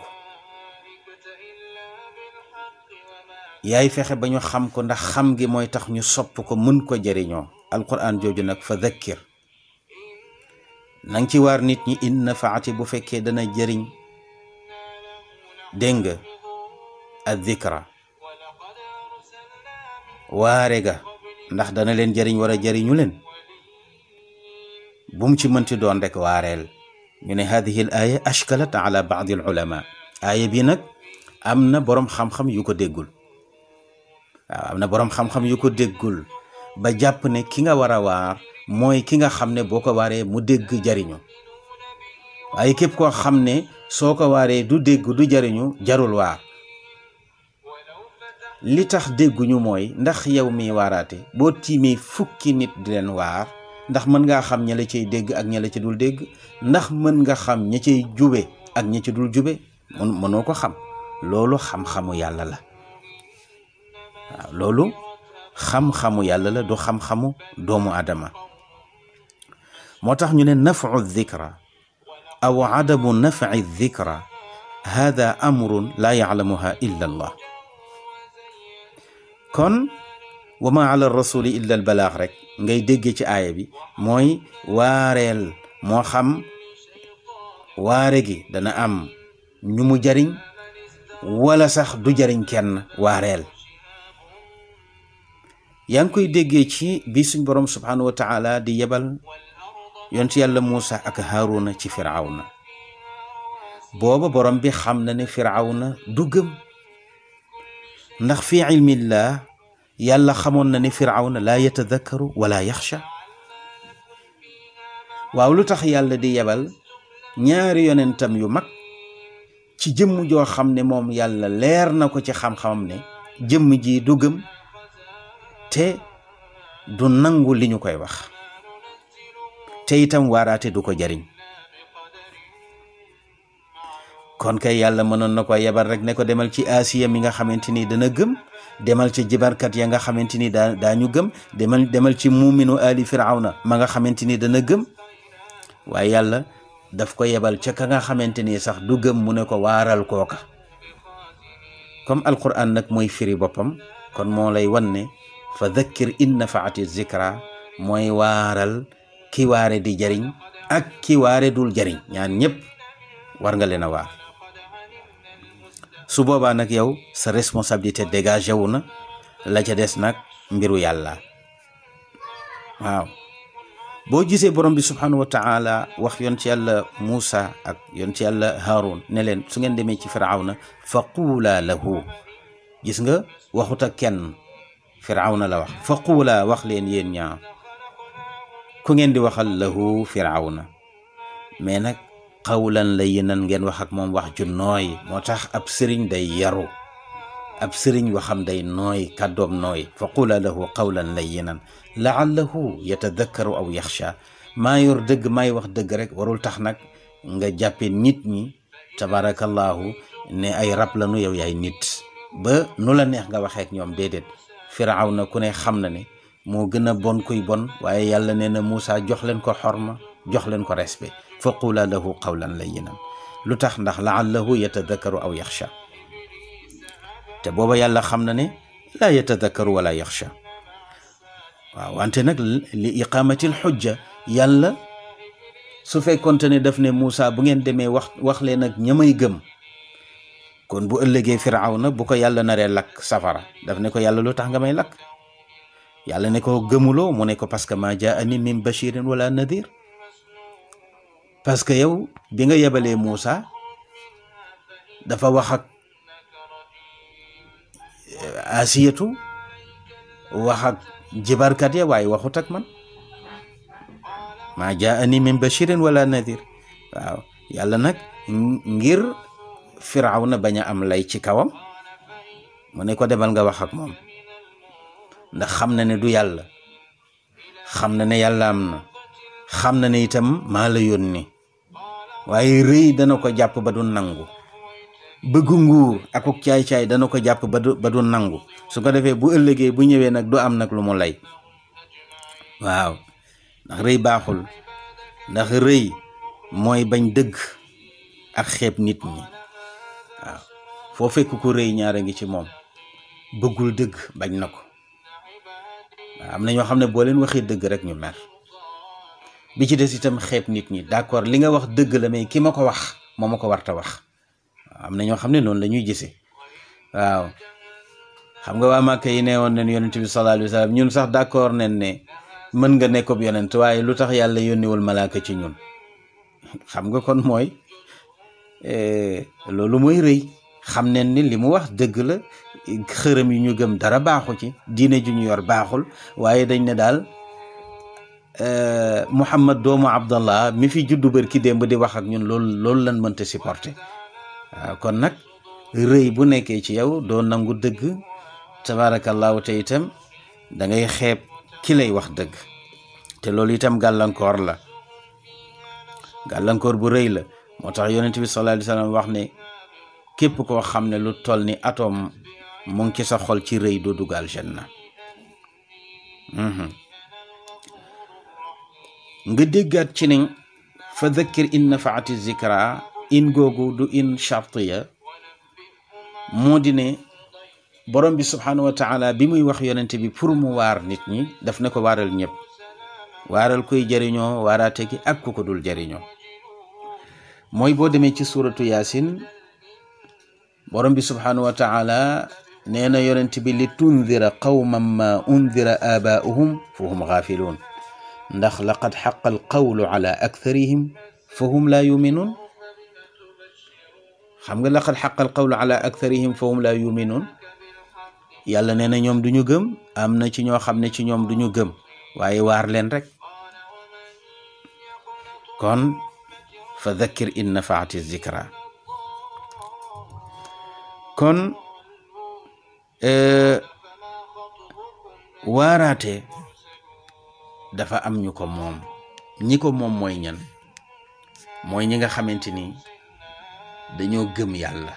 yaay fexe bañu xam ko ndax xam gi moy tax ñu sopp ko mën ko jëriñoo alquran joju nak fa dhakkir nang ci waar nit ñi in nafaati bu fekke dana jëriñ dégg nga ak waare ga ndax dana len jëriñ wara jëriñu len bu mu ci mënti doon rek waareel ñu ne hadihi al aya ashkalat ala ba'd al ulama aya bi nak amna borom xam-xam yu ko déggul amna borom xam-xam yu ko déggul ba jàpp ne ki nga war waar mooy ki nga xam ne boo ko waaree mu dégg jariñu waaye képp koo xam ne soo ko waaree du dégg du jariñu jarul waar li tax dégguñu mooy ndax yow mi waaraate boo tiimee fukki nit di leen waar ndax mën ngaa xam ña la cay dégg ak ña la ca dul dégg ndax mën nga xam ña cay jube ak ña ca dul jube mënoo ko xam loolu xam-xamu yàlla la waaw loolu xam-xamu yàlla la du xam-xamu doomu aadama moo tax ñu ne nafu dikra aw adamu nafi dikra hada amrun laa yaclamuha illa allah kon wa ma ala rasuli illa al balaax rek ngay déggee ci aaya bi mooy waareel moo xam waare gi dana am ñu mu jariñ wala sax du jariñ kenn waareel yaa ngi koy déggee ci bi suñ borom subhanahu wa taala di yebal yonent yàlla Muusa ak Haaruna ci Firawna booba borom bi xam na ne Firawna du gëm ndax fi ilmillah yàlla xamoon na ne Firawna laa yatadakkaru wala yaxsha waaw lu tax yàlla di yebal ñaari yonentam yu mag ci jëmm joo xam ne moom yàlla leer na ko ci xam-xamam ne jëmm ji du gëm te du nangu li ñu koy wax te itam warate du ko jariñ kon kay yàlla mënoon na ko yebal rek ne ko demal ci asiya mi nga xamante ni dana gëm demal ci jibarkat ya nga xamante ni daa daañu gëm demal demal ci muuminu ali firawna ma nga xamante ni dana gëm waaye yàlla daf ko yebal ca ka nga xamante ni sax du gëm mu ne ko waaral kooka comme alquran nag mooy firi boppam kon moo lay wan ne fa dhakkir in nafaati zikra mooy waaral ki waare di jariñ ak ki waare dul jariñ ñaan ñëpp war nga leen a waar su boobaa nag yow sa responsabilité dégagé wu na la ca des nag mbiru yàlla waaw boo gisee borom bi subhanahu wa taala wax yoon ci yàlla Muusa ak yoon ci yàlla Haarun ne leen su ngeen demee ci firawna fa quula lahu gis nga waxut kenn firawna la wax fa quula wax leen yéen ñaar ku ngeen di waxal lahu firawna mais nag xawlan la yenan ngeen wax ak moom wax ju nooy moo tax ab sëriñ day yaru ab sëriñ waxam day nooy kàddoom nooy fa qula lahu qawlan layyinan laallahu yatadakkaru aw yaxsha maa yor dëgg maay wax dëgg rek warul tax nag nga jàppe nit ñi tabarakallahu ne ay rab lanu yow yaay nit ba nu la neex nga waxeek ñoom déedéet firaw na ku ne xam na ne mo gëna bon kuy bon waye yàlla neena musa jox len ko xorma jox len ko respect fa qula lahu qawlan layyinan lutax ndax laallahu yatadhakkaru aw yakhsha te booba yàlla xamna ne la yatadhakkaru wala yakhsha wa wante nak li iqamati alhujja yàlla su fekkonte ne def ne musa bu ngeen deme wax wax len ak ñamay gëm kon bu ëllëgé fir'auna bu ko yàlla naré lak safara daf ne ko yàlla lutax nga may lak yàlla ne ko gëmuloo mu ne ko parce que maa jaa ani min bashirin wala nadir parce que yow bi nga yebalee Moussa dafa wax ak eh, asiyatu wax ak jibarkat ya waaye waxut ak man ma jaa ani min bashirin wala nadir yàlla nag ngir Firawna bañ a am lay ci kawam mu ne ko debal nga waxak ak moom ndax xam na ne du yàlla xam na ne yàlla am na xam na ne itam maa la yónni waaye rëy dana ko jàpp ba du nangu bëggu nguur akuk caay-caay dana ko jàpp ba du nangu su ko defee bu ëllëgee bu ñëwee nag du am nag lu mu lay waaw ndax rëy baaxul ndax rëy mooy bañ dëgg ak xeeb nit ñi waaw foo fekk ku rëy ñaara ngi ci moom bëggul dëgg bañ na ko am na ñoo xam ne boo leen waxee dëgg rek ñu mer bi ci des itam xeet nit ñi d'accord li nga wax dëgg la mais ki ma ko wax moom ma ko warta wax am na ñoo xam ne noonu la ñuy waaw xam nga waa Màkka yi nee woon nañ yonent bi ñun sax d'accord nañ ne mën nga nekkub yonent waaye lu tax yàlla yónniwul malaaka ci ñun xam nga kon mooy eh, loolu mooy rëy xam nañ ni li mu wax dëgg la xërëm yi ñu gëm dara baaxu ci diine ju ñu yor baaxul waaye dañ ne daal euh, Muhammad doomu Abdallah mi fi juddu bër ki démb di wax ak ñun loolu loolu lan mënta supporter waaw kon nag rëy bu nekkee ci yow doo nangu dëgg tabaarakallaahu te itam da xeeb ki lay wax dëgg te loolu itam gàllankoor la gàllankoor bu rëy la moo tax yonent bi sallallaahu alayhi wa wax ne képp koo xam ne lu toll ni atome mu ngi ci sa xol ci rëy doo dugg aljanna mhm. nga déggaat ci ne fa dhakkir in nafaati zikra in googu du in chartiya moo di ne borom bi subhaanahu wa taala bi muy wax yonente bi pour mu waar nit ñi daf na ko waaral ñépp waaral koy jëriñoo waaraate gi ak ku ko dul jëriñoo mooy boo demee ci suuratu yaasin borom bi subhaanahu wa نينا يرنتبي لتنذر قوما ما أنذر آباؤهم فهم غافلون ندخ لقد حق القول على أكثرهم فهم لا يؤمنون خمغ لقد حق القول على أكثرهم فهم لا يؤمنون يالا نينا نيوم دونيو گم امنا شي ньо خامني شي نيوم دونيو گم واي وار لين رك كون فذكر ان نفعت الذكرى كون waaraate dafa am ñu ko moom ñi ko moom mooy ñan mooy ñi nga xamante ni dañoo gëm yàlla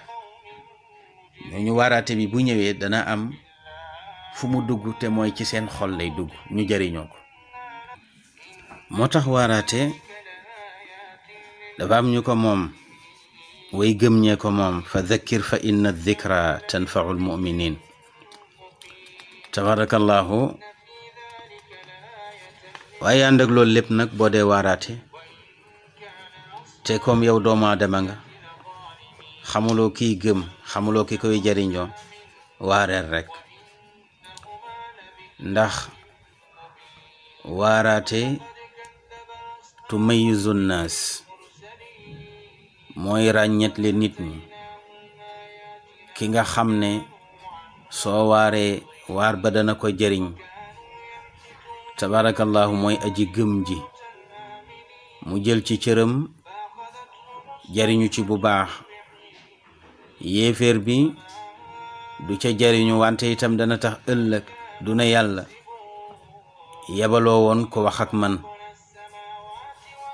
ñu waaraate bi bu ñëwee dana am fu mu dugg te mooy ci seen xol lay dugg ñu jëriñoo ko moo tax waaraate dafa am ñu ko moom way gëm ñee ko moom fa dhakkir fa inna dhikra tanfaul muminin tabaarakallaahu waaye ànd ak lépp nag boo dee waaraate te comme yow doomu aadama nga xamuloo kiy ki koy jariñoo waareel rek ndax waaraate tumayizu naas mooy ràññetle nit mi ki nga xam ne soo waaree waar ba dana ko jëriñ tabaarakallaahu mooy aji gëm ji mu jël ci cëram jariñu ci bu baax yéeféer bi du ca jariñu wante itam dana tax ëllëg du na yàlla yebaloo woon ko wax man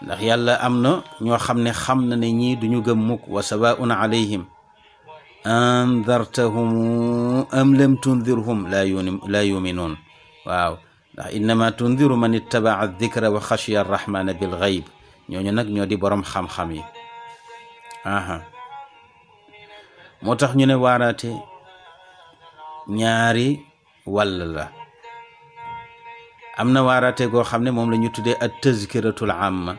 ndax yàlla am na ñoo xam ne xam na ne ñii duñu gëm mukk wa sawaun alayhim andartahum am lam tundirhum laa yun laa yuminuun waaw ndax innama tundiru man wa xashiya arrahmana bil gayb ñooñu nag ñoo di borom xam yi aha moo tax ñu ne waaraate ñaari wàll la am na waaraate goo xam ne moom la ñu tuddee at tazkiratul amma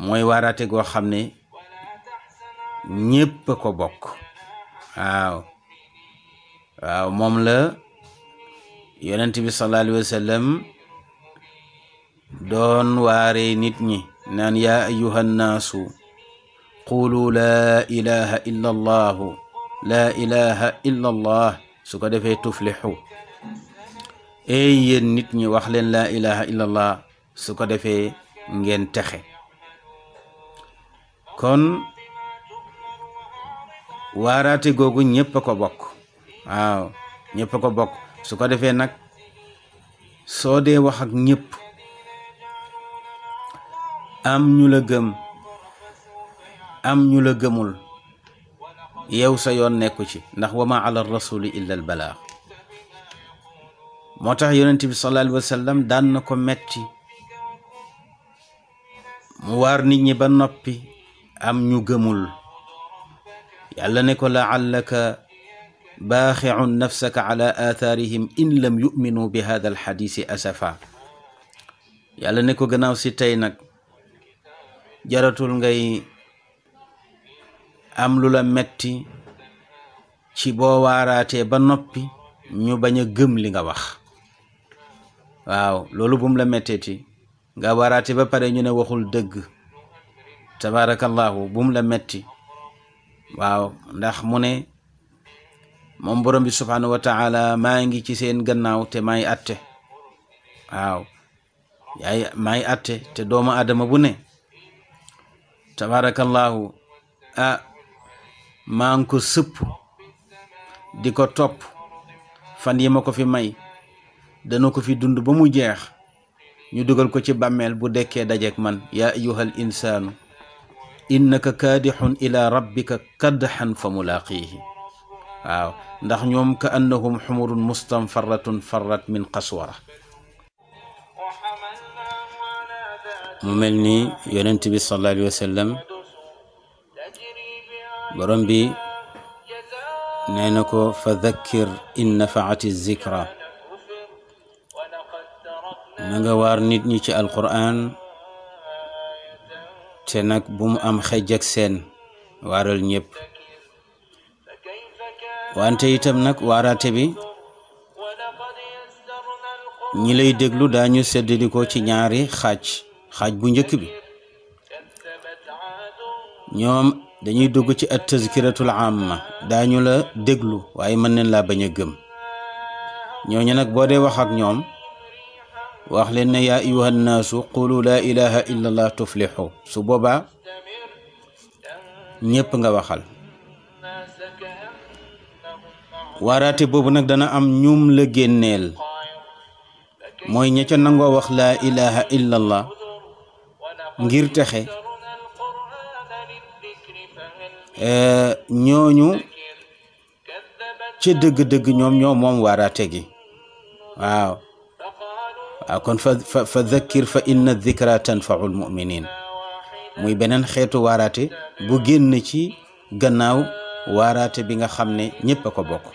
mooy waaraate goo xam ne ñépp a ko bokk waaw waaw moom la yonent bi sallallahu alayhi wa sallam doon waaree nit ñi naan yaa ayuha nnaasu qulu laa ilaha illa allahu laa ilaha illa allah su ko defee tuflixu ey yéen nit ñi wax leen laa ilaha illa allah su ko defee ngeen texe kon waaraate googu ñëpp a ko bokk waaw ñëpp a ko bokk su ko defee nag soo dee wax ñépp ñëpp am ñu la gëm am ñu la gëmul yow sa yoon nekku ci ndax wa ma ala rasuli illa balaax moo tax yonent bi sallallahu daan na ko metti mu waar nit ñi ba noppi am ñu gëmul yàlla ne ko laallaka baaxe nafsaka ala aathaarihim in lam yuminu bi hada alxadisi asafa yàlla ne ko gannaaw si tey nag jaratul ngay am lu la metti ci boo waaraatee ba noppi ñu bañ a gëm li nga wax waaw loolu bum la metteeti nga waaraate ba pare ñu ne waxul dëgg tabarakallahu bum la metti waaw ndax mu ne moom borom bi subhaanahu wa taala maa ngi ci seen gannaaw te maay atte waaw yaay maay atte te doomu aadama bu ne tabaarakallaahu ah maa ngi ko sëpp di ko topp fan yi ko fi may dana ko fi dund ba mu jeex ñu dugal ko ci bàmmeel bu dekkee dajeek man ya ayyuhal insaanu انك كادح الى ربك كدحا فملاقيه واو ندخ نيوم كانهم حمر مستنفره فرت من قسوره مملني يونتبي صلى الله عليه وسلم برمبي نينكو فذكر ان نفعت الذكرى نغوار نيت القران te nag bu mu am xej ak seen waaral ñépp wante itam nag waaraate bi ñi lay déglu daañu séddalikoo ci ñaari xaaj xaaj bu njëkk bi ñoom dañuy dugg ci at tazkiratul amma daañu la déglu waaye mën nañ laa bañ a gëm ñooñu nag boo dee wax ak ñoom واخلنا يا ايها الناس قولوا لا اله الا الله تفلحوا allah tuflixu su nga waxal warati bobu nak dana am ñum la gennel moy ña ca nangoo wax la ilaha illa allah ngir taxé euh ñoñu ci deug deug ñom ñom mom warate gi waaw kon fa fa dhakkir fa inna dhikra tanfaul muminin muy beneen xeetu waaraate bu génn ci gannaaw waaraate bi nga xam ne ñépp a ko bokk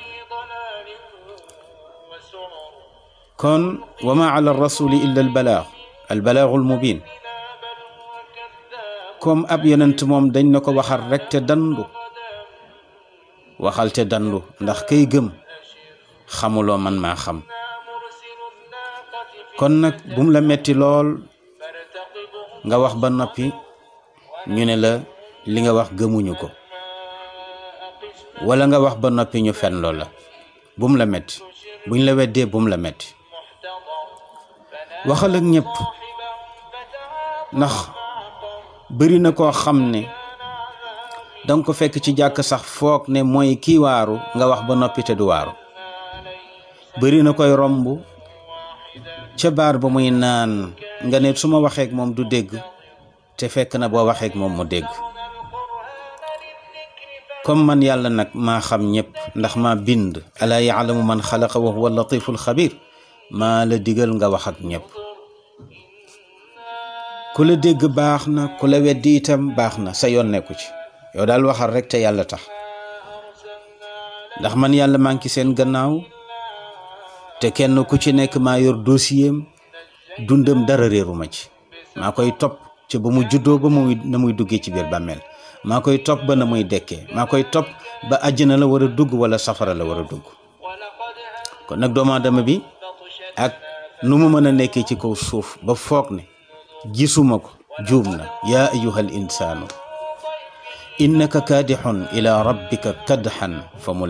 kon wa ma ala rasuli illa albalaax albalaaxul mubin comme ab yonent moom dañ na ko waxal rek te dandu waxal te dandu ndax kay gëm xamuloo man maa xam kon nag bu mu la metti lool nga wax ba noppi ñu ne la li nga wax gëmuñu ko wala nga wax ba noppi ñu fen lool la bu mu la metti buñ la weddee bu mu la metti waxal ak ndax bëri na koo xam ne danga ko fekk ci jàkk sax foog ne mooy kii waaru nga wax ba noppi te du waaru bëri na koy romb ca baar ba muy naan nga ne su ma waxeek moom du dégg te fekk na boo waxeek moom mu dégg comme man yàlla nag maa xam ñépp ndax maa bind alaa yaalamu man xalaqa wa huwa latiful xabir maa la digal nga wax ak ñépp ku la dégg baax na ku la weddi itam baax na sa yoon nekku ci yow daal waxal rek te yàlla tax ndax man yàlla maa seen gannaaw te kenn ku ci nekk maa yor dossier am dundam dara réeruma ci maa koy topp ci ba mu juddoo ba muy na muy duggee ci biir bàmmeel maa koy topp ba na muy dekkee maa koy topp ba àjjana la war a dugg wala safara la war a dugg kon nag doomu aadama bi ak nu mu mën a nekkee ci kaw suuf ba foog ne gisuma ko juum na yaa ayyuhal insaanu innaka kaadixun ilaa rabbika kadxan fa mu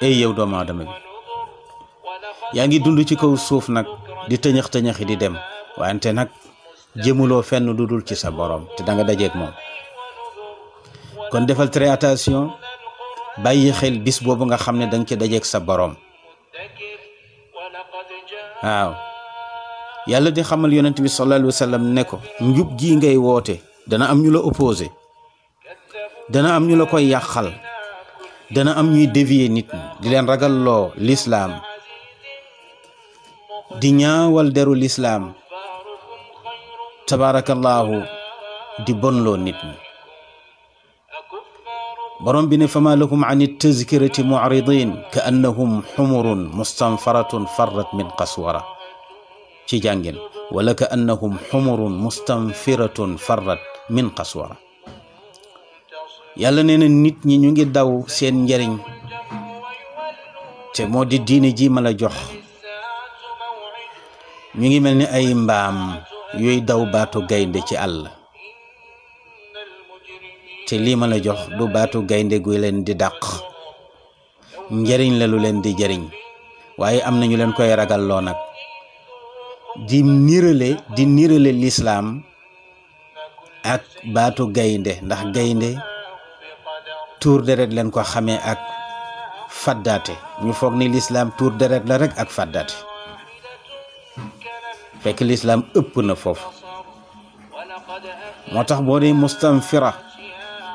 ey yow doomu aadama bi yaa ngi dund ci kaw suuf nag di tëñëx tëñëxi di dem wante nag jëmuloo fenn lu dul ci sa borom te da nga dajeeg moom kon defal très attention bàyyi xel bis boobu nga xam ne danga nga dajeek sa borom waaw yàlla di xamal yonent bi sallallahu alayhi wa ne ko njub gii ngay woote dana am ñu la opposé dana am ñu la koy yàqal dana am ñuy dévier nit di leen ragal loo lislaam di ñaawal deru lislaam tabaarakallaahu di bonloo nit ñi borom bi ne fama lakum an tazkirati mu'ridin ka annahum xumurun mustanfaratun farrat min qaswara ci jàngin wala ka annahum xumurun mustanfiratun farrat min qaswara yàlla nee nit ñi ñu ngi daw seen njariñ te moo di diine ji mala jox ñu ngi mel ni ay mbaam yuy daw baatu gaynde ci àll te lii ma la jox du baatu gaynde guy leen di daq njëriñ la leen di jariñ waaye am na ñu leen koy ragal nag di nirale di nirale lislaam ak baatu gaynde ndax gaynde tuur deret leen ko xamee ak faddaate ñu foog ni lislaam tuur deret la rek ak faddaate fekk l'islam ëpp na foofu moo tax boo dee mustanfira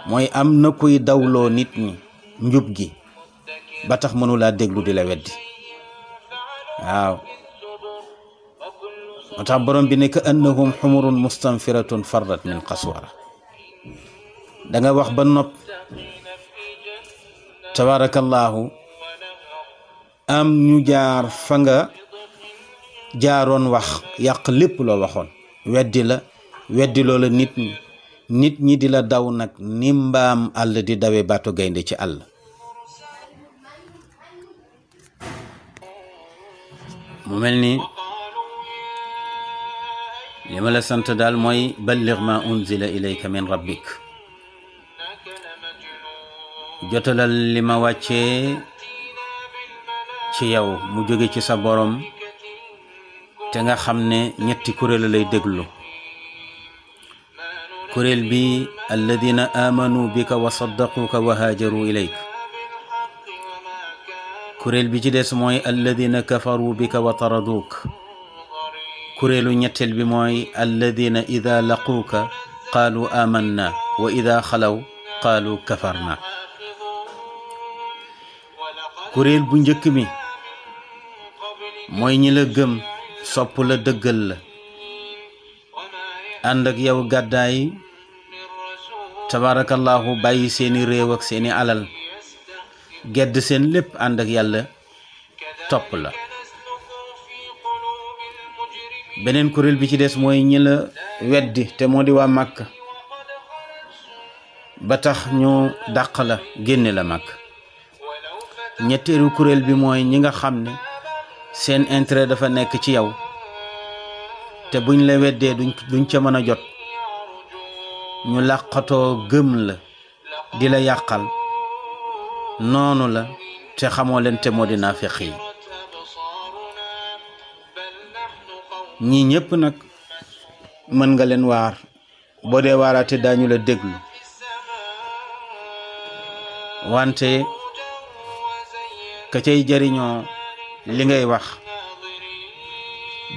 mooy am na kuy dawloo nit ñi njub gi ba tax mënulaa déglu di la weddi waaw moo tax borom bi ne que annahum xumurun mustanfiratun farrat min qaswara da nga wax ba nopp tabaraka allahu am ñu jaar fa nga jaaroon wax yàq lépp loo waxoon weddi la weddi loola nit ñi nit ñi di la daw nag ni mbaam àll di dawee baatu gaynde ci àll mu mel ni li ma la sant daal mooy balligh ma unzila ilayka min rabbik jotalal li ma wàccee ci yow mu jóge ci sa borom te nga xamné ñetti kuréel lay déglu kuréel bi alladina amanu bika wa saddaquka wa hajaru ilayk kuréel bi ci dess moy alladina kafaru bika wa taraduk kuréelu ñettel bi moy alladina idha laquka qalu amanna wa idha xalaw qalu kafarna kuréel bu njëkk mi moy ñi la gëm sopp la dëggal la ànd ak yow gàddaay tabaarakallaahu bàyyi seeni réew ak seeni alal gedd seen lépp ànd ak yàlla topp la beneen kuréel bi ci des mooy ñi la weddi te moo di waa màkk ba tax ñoo dàq la génne la màkk ñetteelu kuréel bi mooy ñi nga xam ne seen intérêt dafa nekk ci yow te buñ la weddee duñ duñ ca mën a jot ñu làqatoo gëm la di la yàqal noonu la te xamoo leen te moo di ñii ñëpp nag mën nga leen waar boo dee waaraate daañu la déglu wante ka cay jariñoo li ngay wax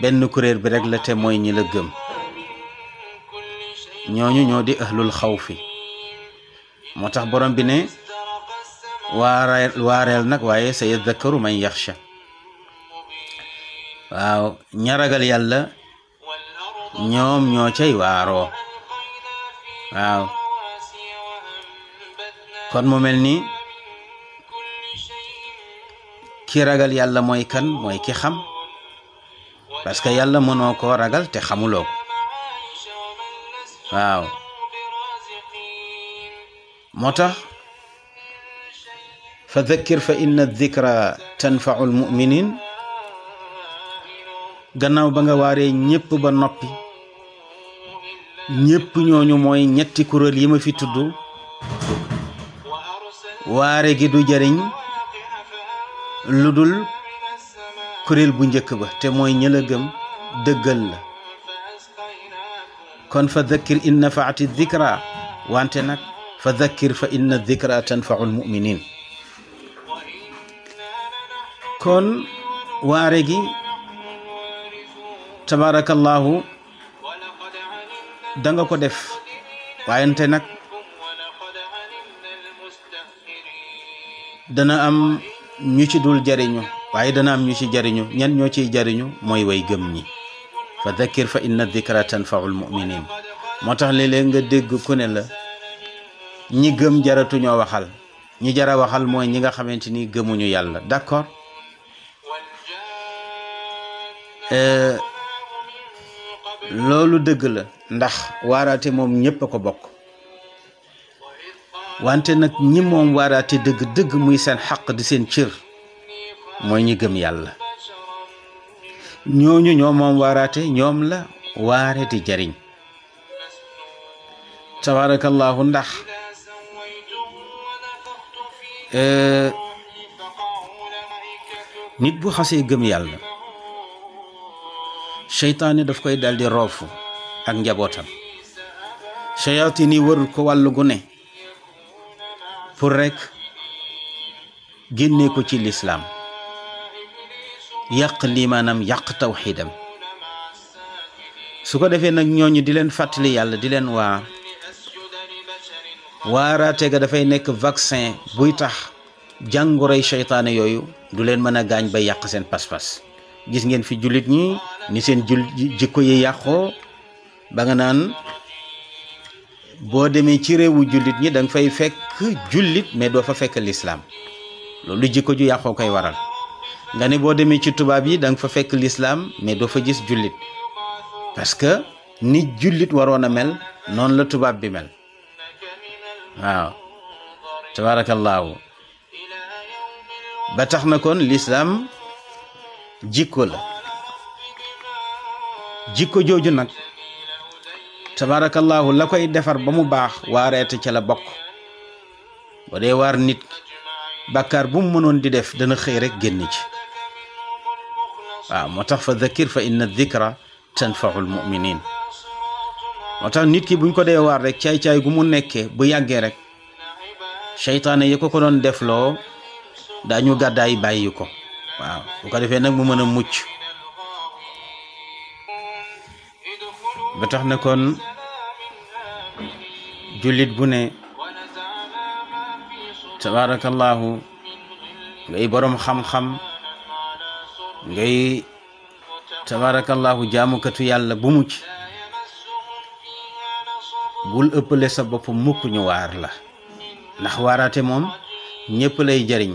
benn kuréel bi rek la te mooy ñi la gëm ñooñu ñoo di ahlul xawfi moo tax borom bi ne waareel waareel nag waaye sa yadakkaru man yaxsha waaw ña ragal yàlla ñoom ñoo cay waaroo waaw kon mu mel ni ki ragal yalla moy kan moy ki xam parce que yalla mënoo ragal te xamulo waaw fa dhakkir fa inna dhikra tanfau lmuminin gannaaw ba nga waré ñepp ba noppi ñepp ñoñu moy ñetti kurel yima fi tuddu waré gi du jariñ ludul dul kuréel bu njëkk ba te mooy ñël a dëggal la kon fa dhakkir in nafaati dhikra wante nag fa dhakkir fa inna dhikra tanfau almuminin kon waare gi tabarakallahu ko def waayante nag dana am ñu ci dul jariñu waaye dana am ñu ci jariñu ñan ñoo ciy jariñu mooy way gëm ñi fa dakkir fa inna dikra tanfaul muminin moo tax léeg-léeg nga dégg ku ne la ñi gëm jaratuñoo waxal ñi jara waxal mooy ñi nga xamante ni gëmuñu yàlla d'accord euh, loolu dëgg la ndax waaraate moom ñépp a ko bokk wante nag ñi moom waaraate dëgg-dëgg muy seen xaq di seen cër mooy ñi gëm yàlla ñooñu ñoo moom waaraate ñoom la waare di jariñ tabaarakallaahu ndax e, nit bu xasee gëm yàlla seytaane daf koy daldi roofu ak njabootam seytaane yi warul ko wàllu gu ne pour rekk génnee ko ci lislaam yàq liimaanam yàq tawxiidam su ko defee nag ñooñu di leen fàttali yàlla di leen waa waaraate ga dafay nekk vaccin buy tax jàngoroy seytaane yooyu du leen mën a gaañ ba yàq seen pas gis ngeen fi jullit ñi ni seen jul jikko yi yàqoo ba nga naan boo demee ci réewu jullit ñi da fay fekk jullit mais doo fa fekk lislaam loolu jikko ju yàqoo koy waral nga ne boo demee ci tubaab yi da nga fa fekk lislaam mais doo fa gis jullit parce que nit jullit waroon a mel noonu la tubaab bi mel waaw tabaarakallaahu ba tax na kon lislaam jikko la jikko jooju nag تبارك الله لكو يدفر بمو باخ واريت تي لا بوك بودي وار نيت بكار بوم مونون دي ديف دنا خير رك ген نتي متخف الذكر فان الذكرى تنفع المؤمنين متا نيت كي بون كو دي وار رك تاي تاي غومو نيكي بو ياغي رك شيطان يكو كو دون ديف لو دا ญ و غداي بايوكو واو بو كو ديفه نك مو مونا موتش بتاخنا كون jullit bu ne tabaarakallaahu ngay boroom xam-xam ngay tabaarakallaahu jaamukatu yàlla bu mucc bul ëppale sa bopp mukkuñu waar la ndax waaraate moom ñëpp lay jëriñ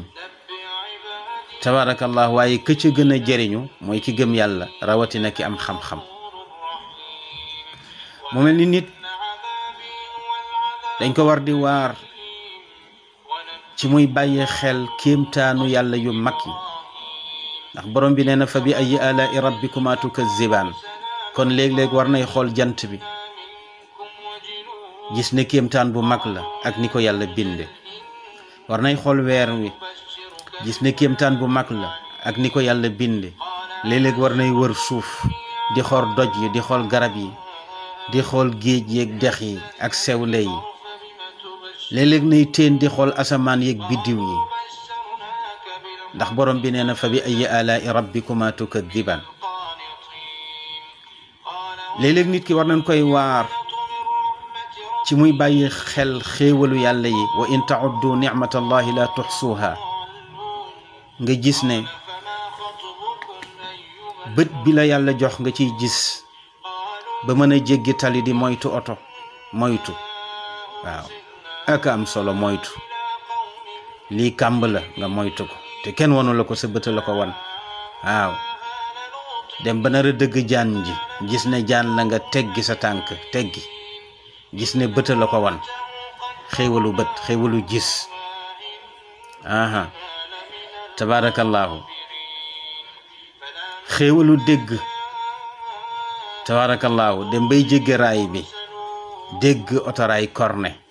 tabaarakallaahu waaye kë ca gën a jëriñu mooy ki gëm yàlla rawatina ki am xam-xam mu mel ni nit dañ ko war di waar ci muy bàyyi xel kéemtaanu yàlla yu mag yi ndax borom bi nee na fa bi ay alaa'i rabbikuma kon léeg-léeg war nay xool jant bi gis ne kéemtaan bu mag la ak ni ko yàlla binde war nay xool weer wi gis ne kéemtaan bu mag la ak ni ko yàlla binde léeg-léeg war nay wër suuf di xool doj yi di xool garab yi di xool géej yeeg dex yi ak sewnde yi léeg-léeg teen di xool asamaan yeeg biddiw yi ndax borom bi nee na fa bi ay alaai rabbikuma tukadiban léeg-léeg nit ki war nañ koy waar ci muy bàyyi xel xéewalu yàlla yi wa in tauddu nicmatallahi la tuxsuha nga gis ne bët bila yàlla jox nga ciy gis ba mën a jéggi tali di moytu oto moytu waaw ak solo moytu lii kàmb la nga moytu ko te kenn wanu la ko sa bët ko wan waaw dem ba nar a dëgg jaan ji gis ne jaan la nga teggi sa tànk teggi gis ne bët ko wan xéewalu bët xéewalu gis aha tabaarakallaahu xéewalu dégg tabaarakallaahu dem bay jéggi bi dégg otoraay korne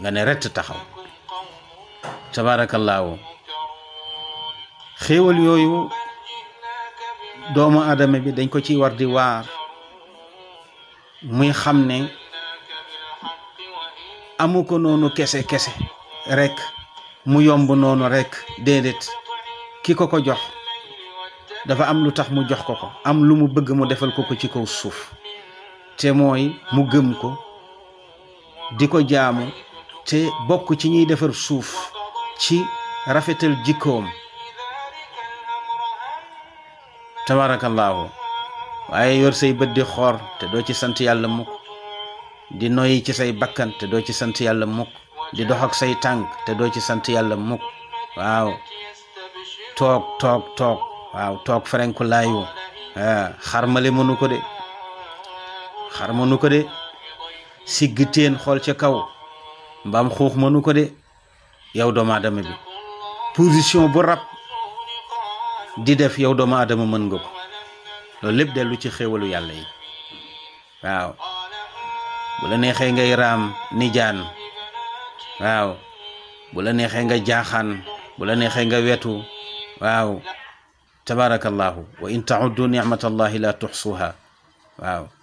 nga ne rett taxaw tabaarakallaahu xéewal yooyu doomu aadama bi dañ ko ci war di waar muy xam ne amu ko noonu kese kese rekk mu yomb noonu rekk déedéet ki ko ko jox dafa am lu tax mu jox ko ko am lu mu bëgg mu defal ko ko ci kaw suuf te mooy mu gëm ko di ko jaamu te bokk ci ñuy defar suuf ci rafetal jikkoom tabaarakallaahu waaye yor say bët di xoor te doo ci sant yàlla mukk di noyyi ci say bakkan doo ci sant yàlla mukk di dox ak say tànk te doo ci sant yàlla mukk waaw toog toog toog waaw toog ferenku laayu ah, xarmale mënu ko de xar mënu ko de sigg teen xool ca kaw mbaam xuux mënu ko de yow doomu aadama bi position bu rab di def yow doomu aadama mën nga ko loolu lépp dellu ci xéewalu yàlla yi waaw bu la neexee ngay raam nijaan waaw bu la neexee nga jaaxaan bu la neexee nga wetu waaw tabaarakallahu wa in tauddu nicmatallahi la tuxsuha waaw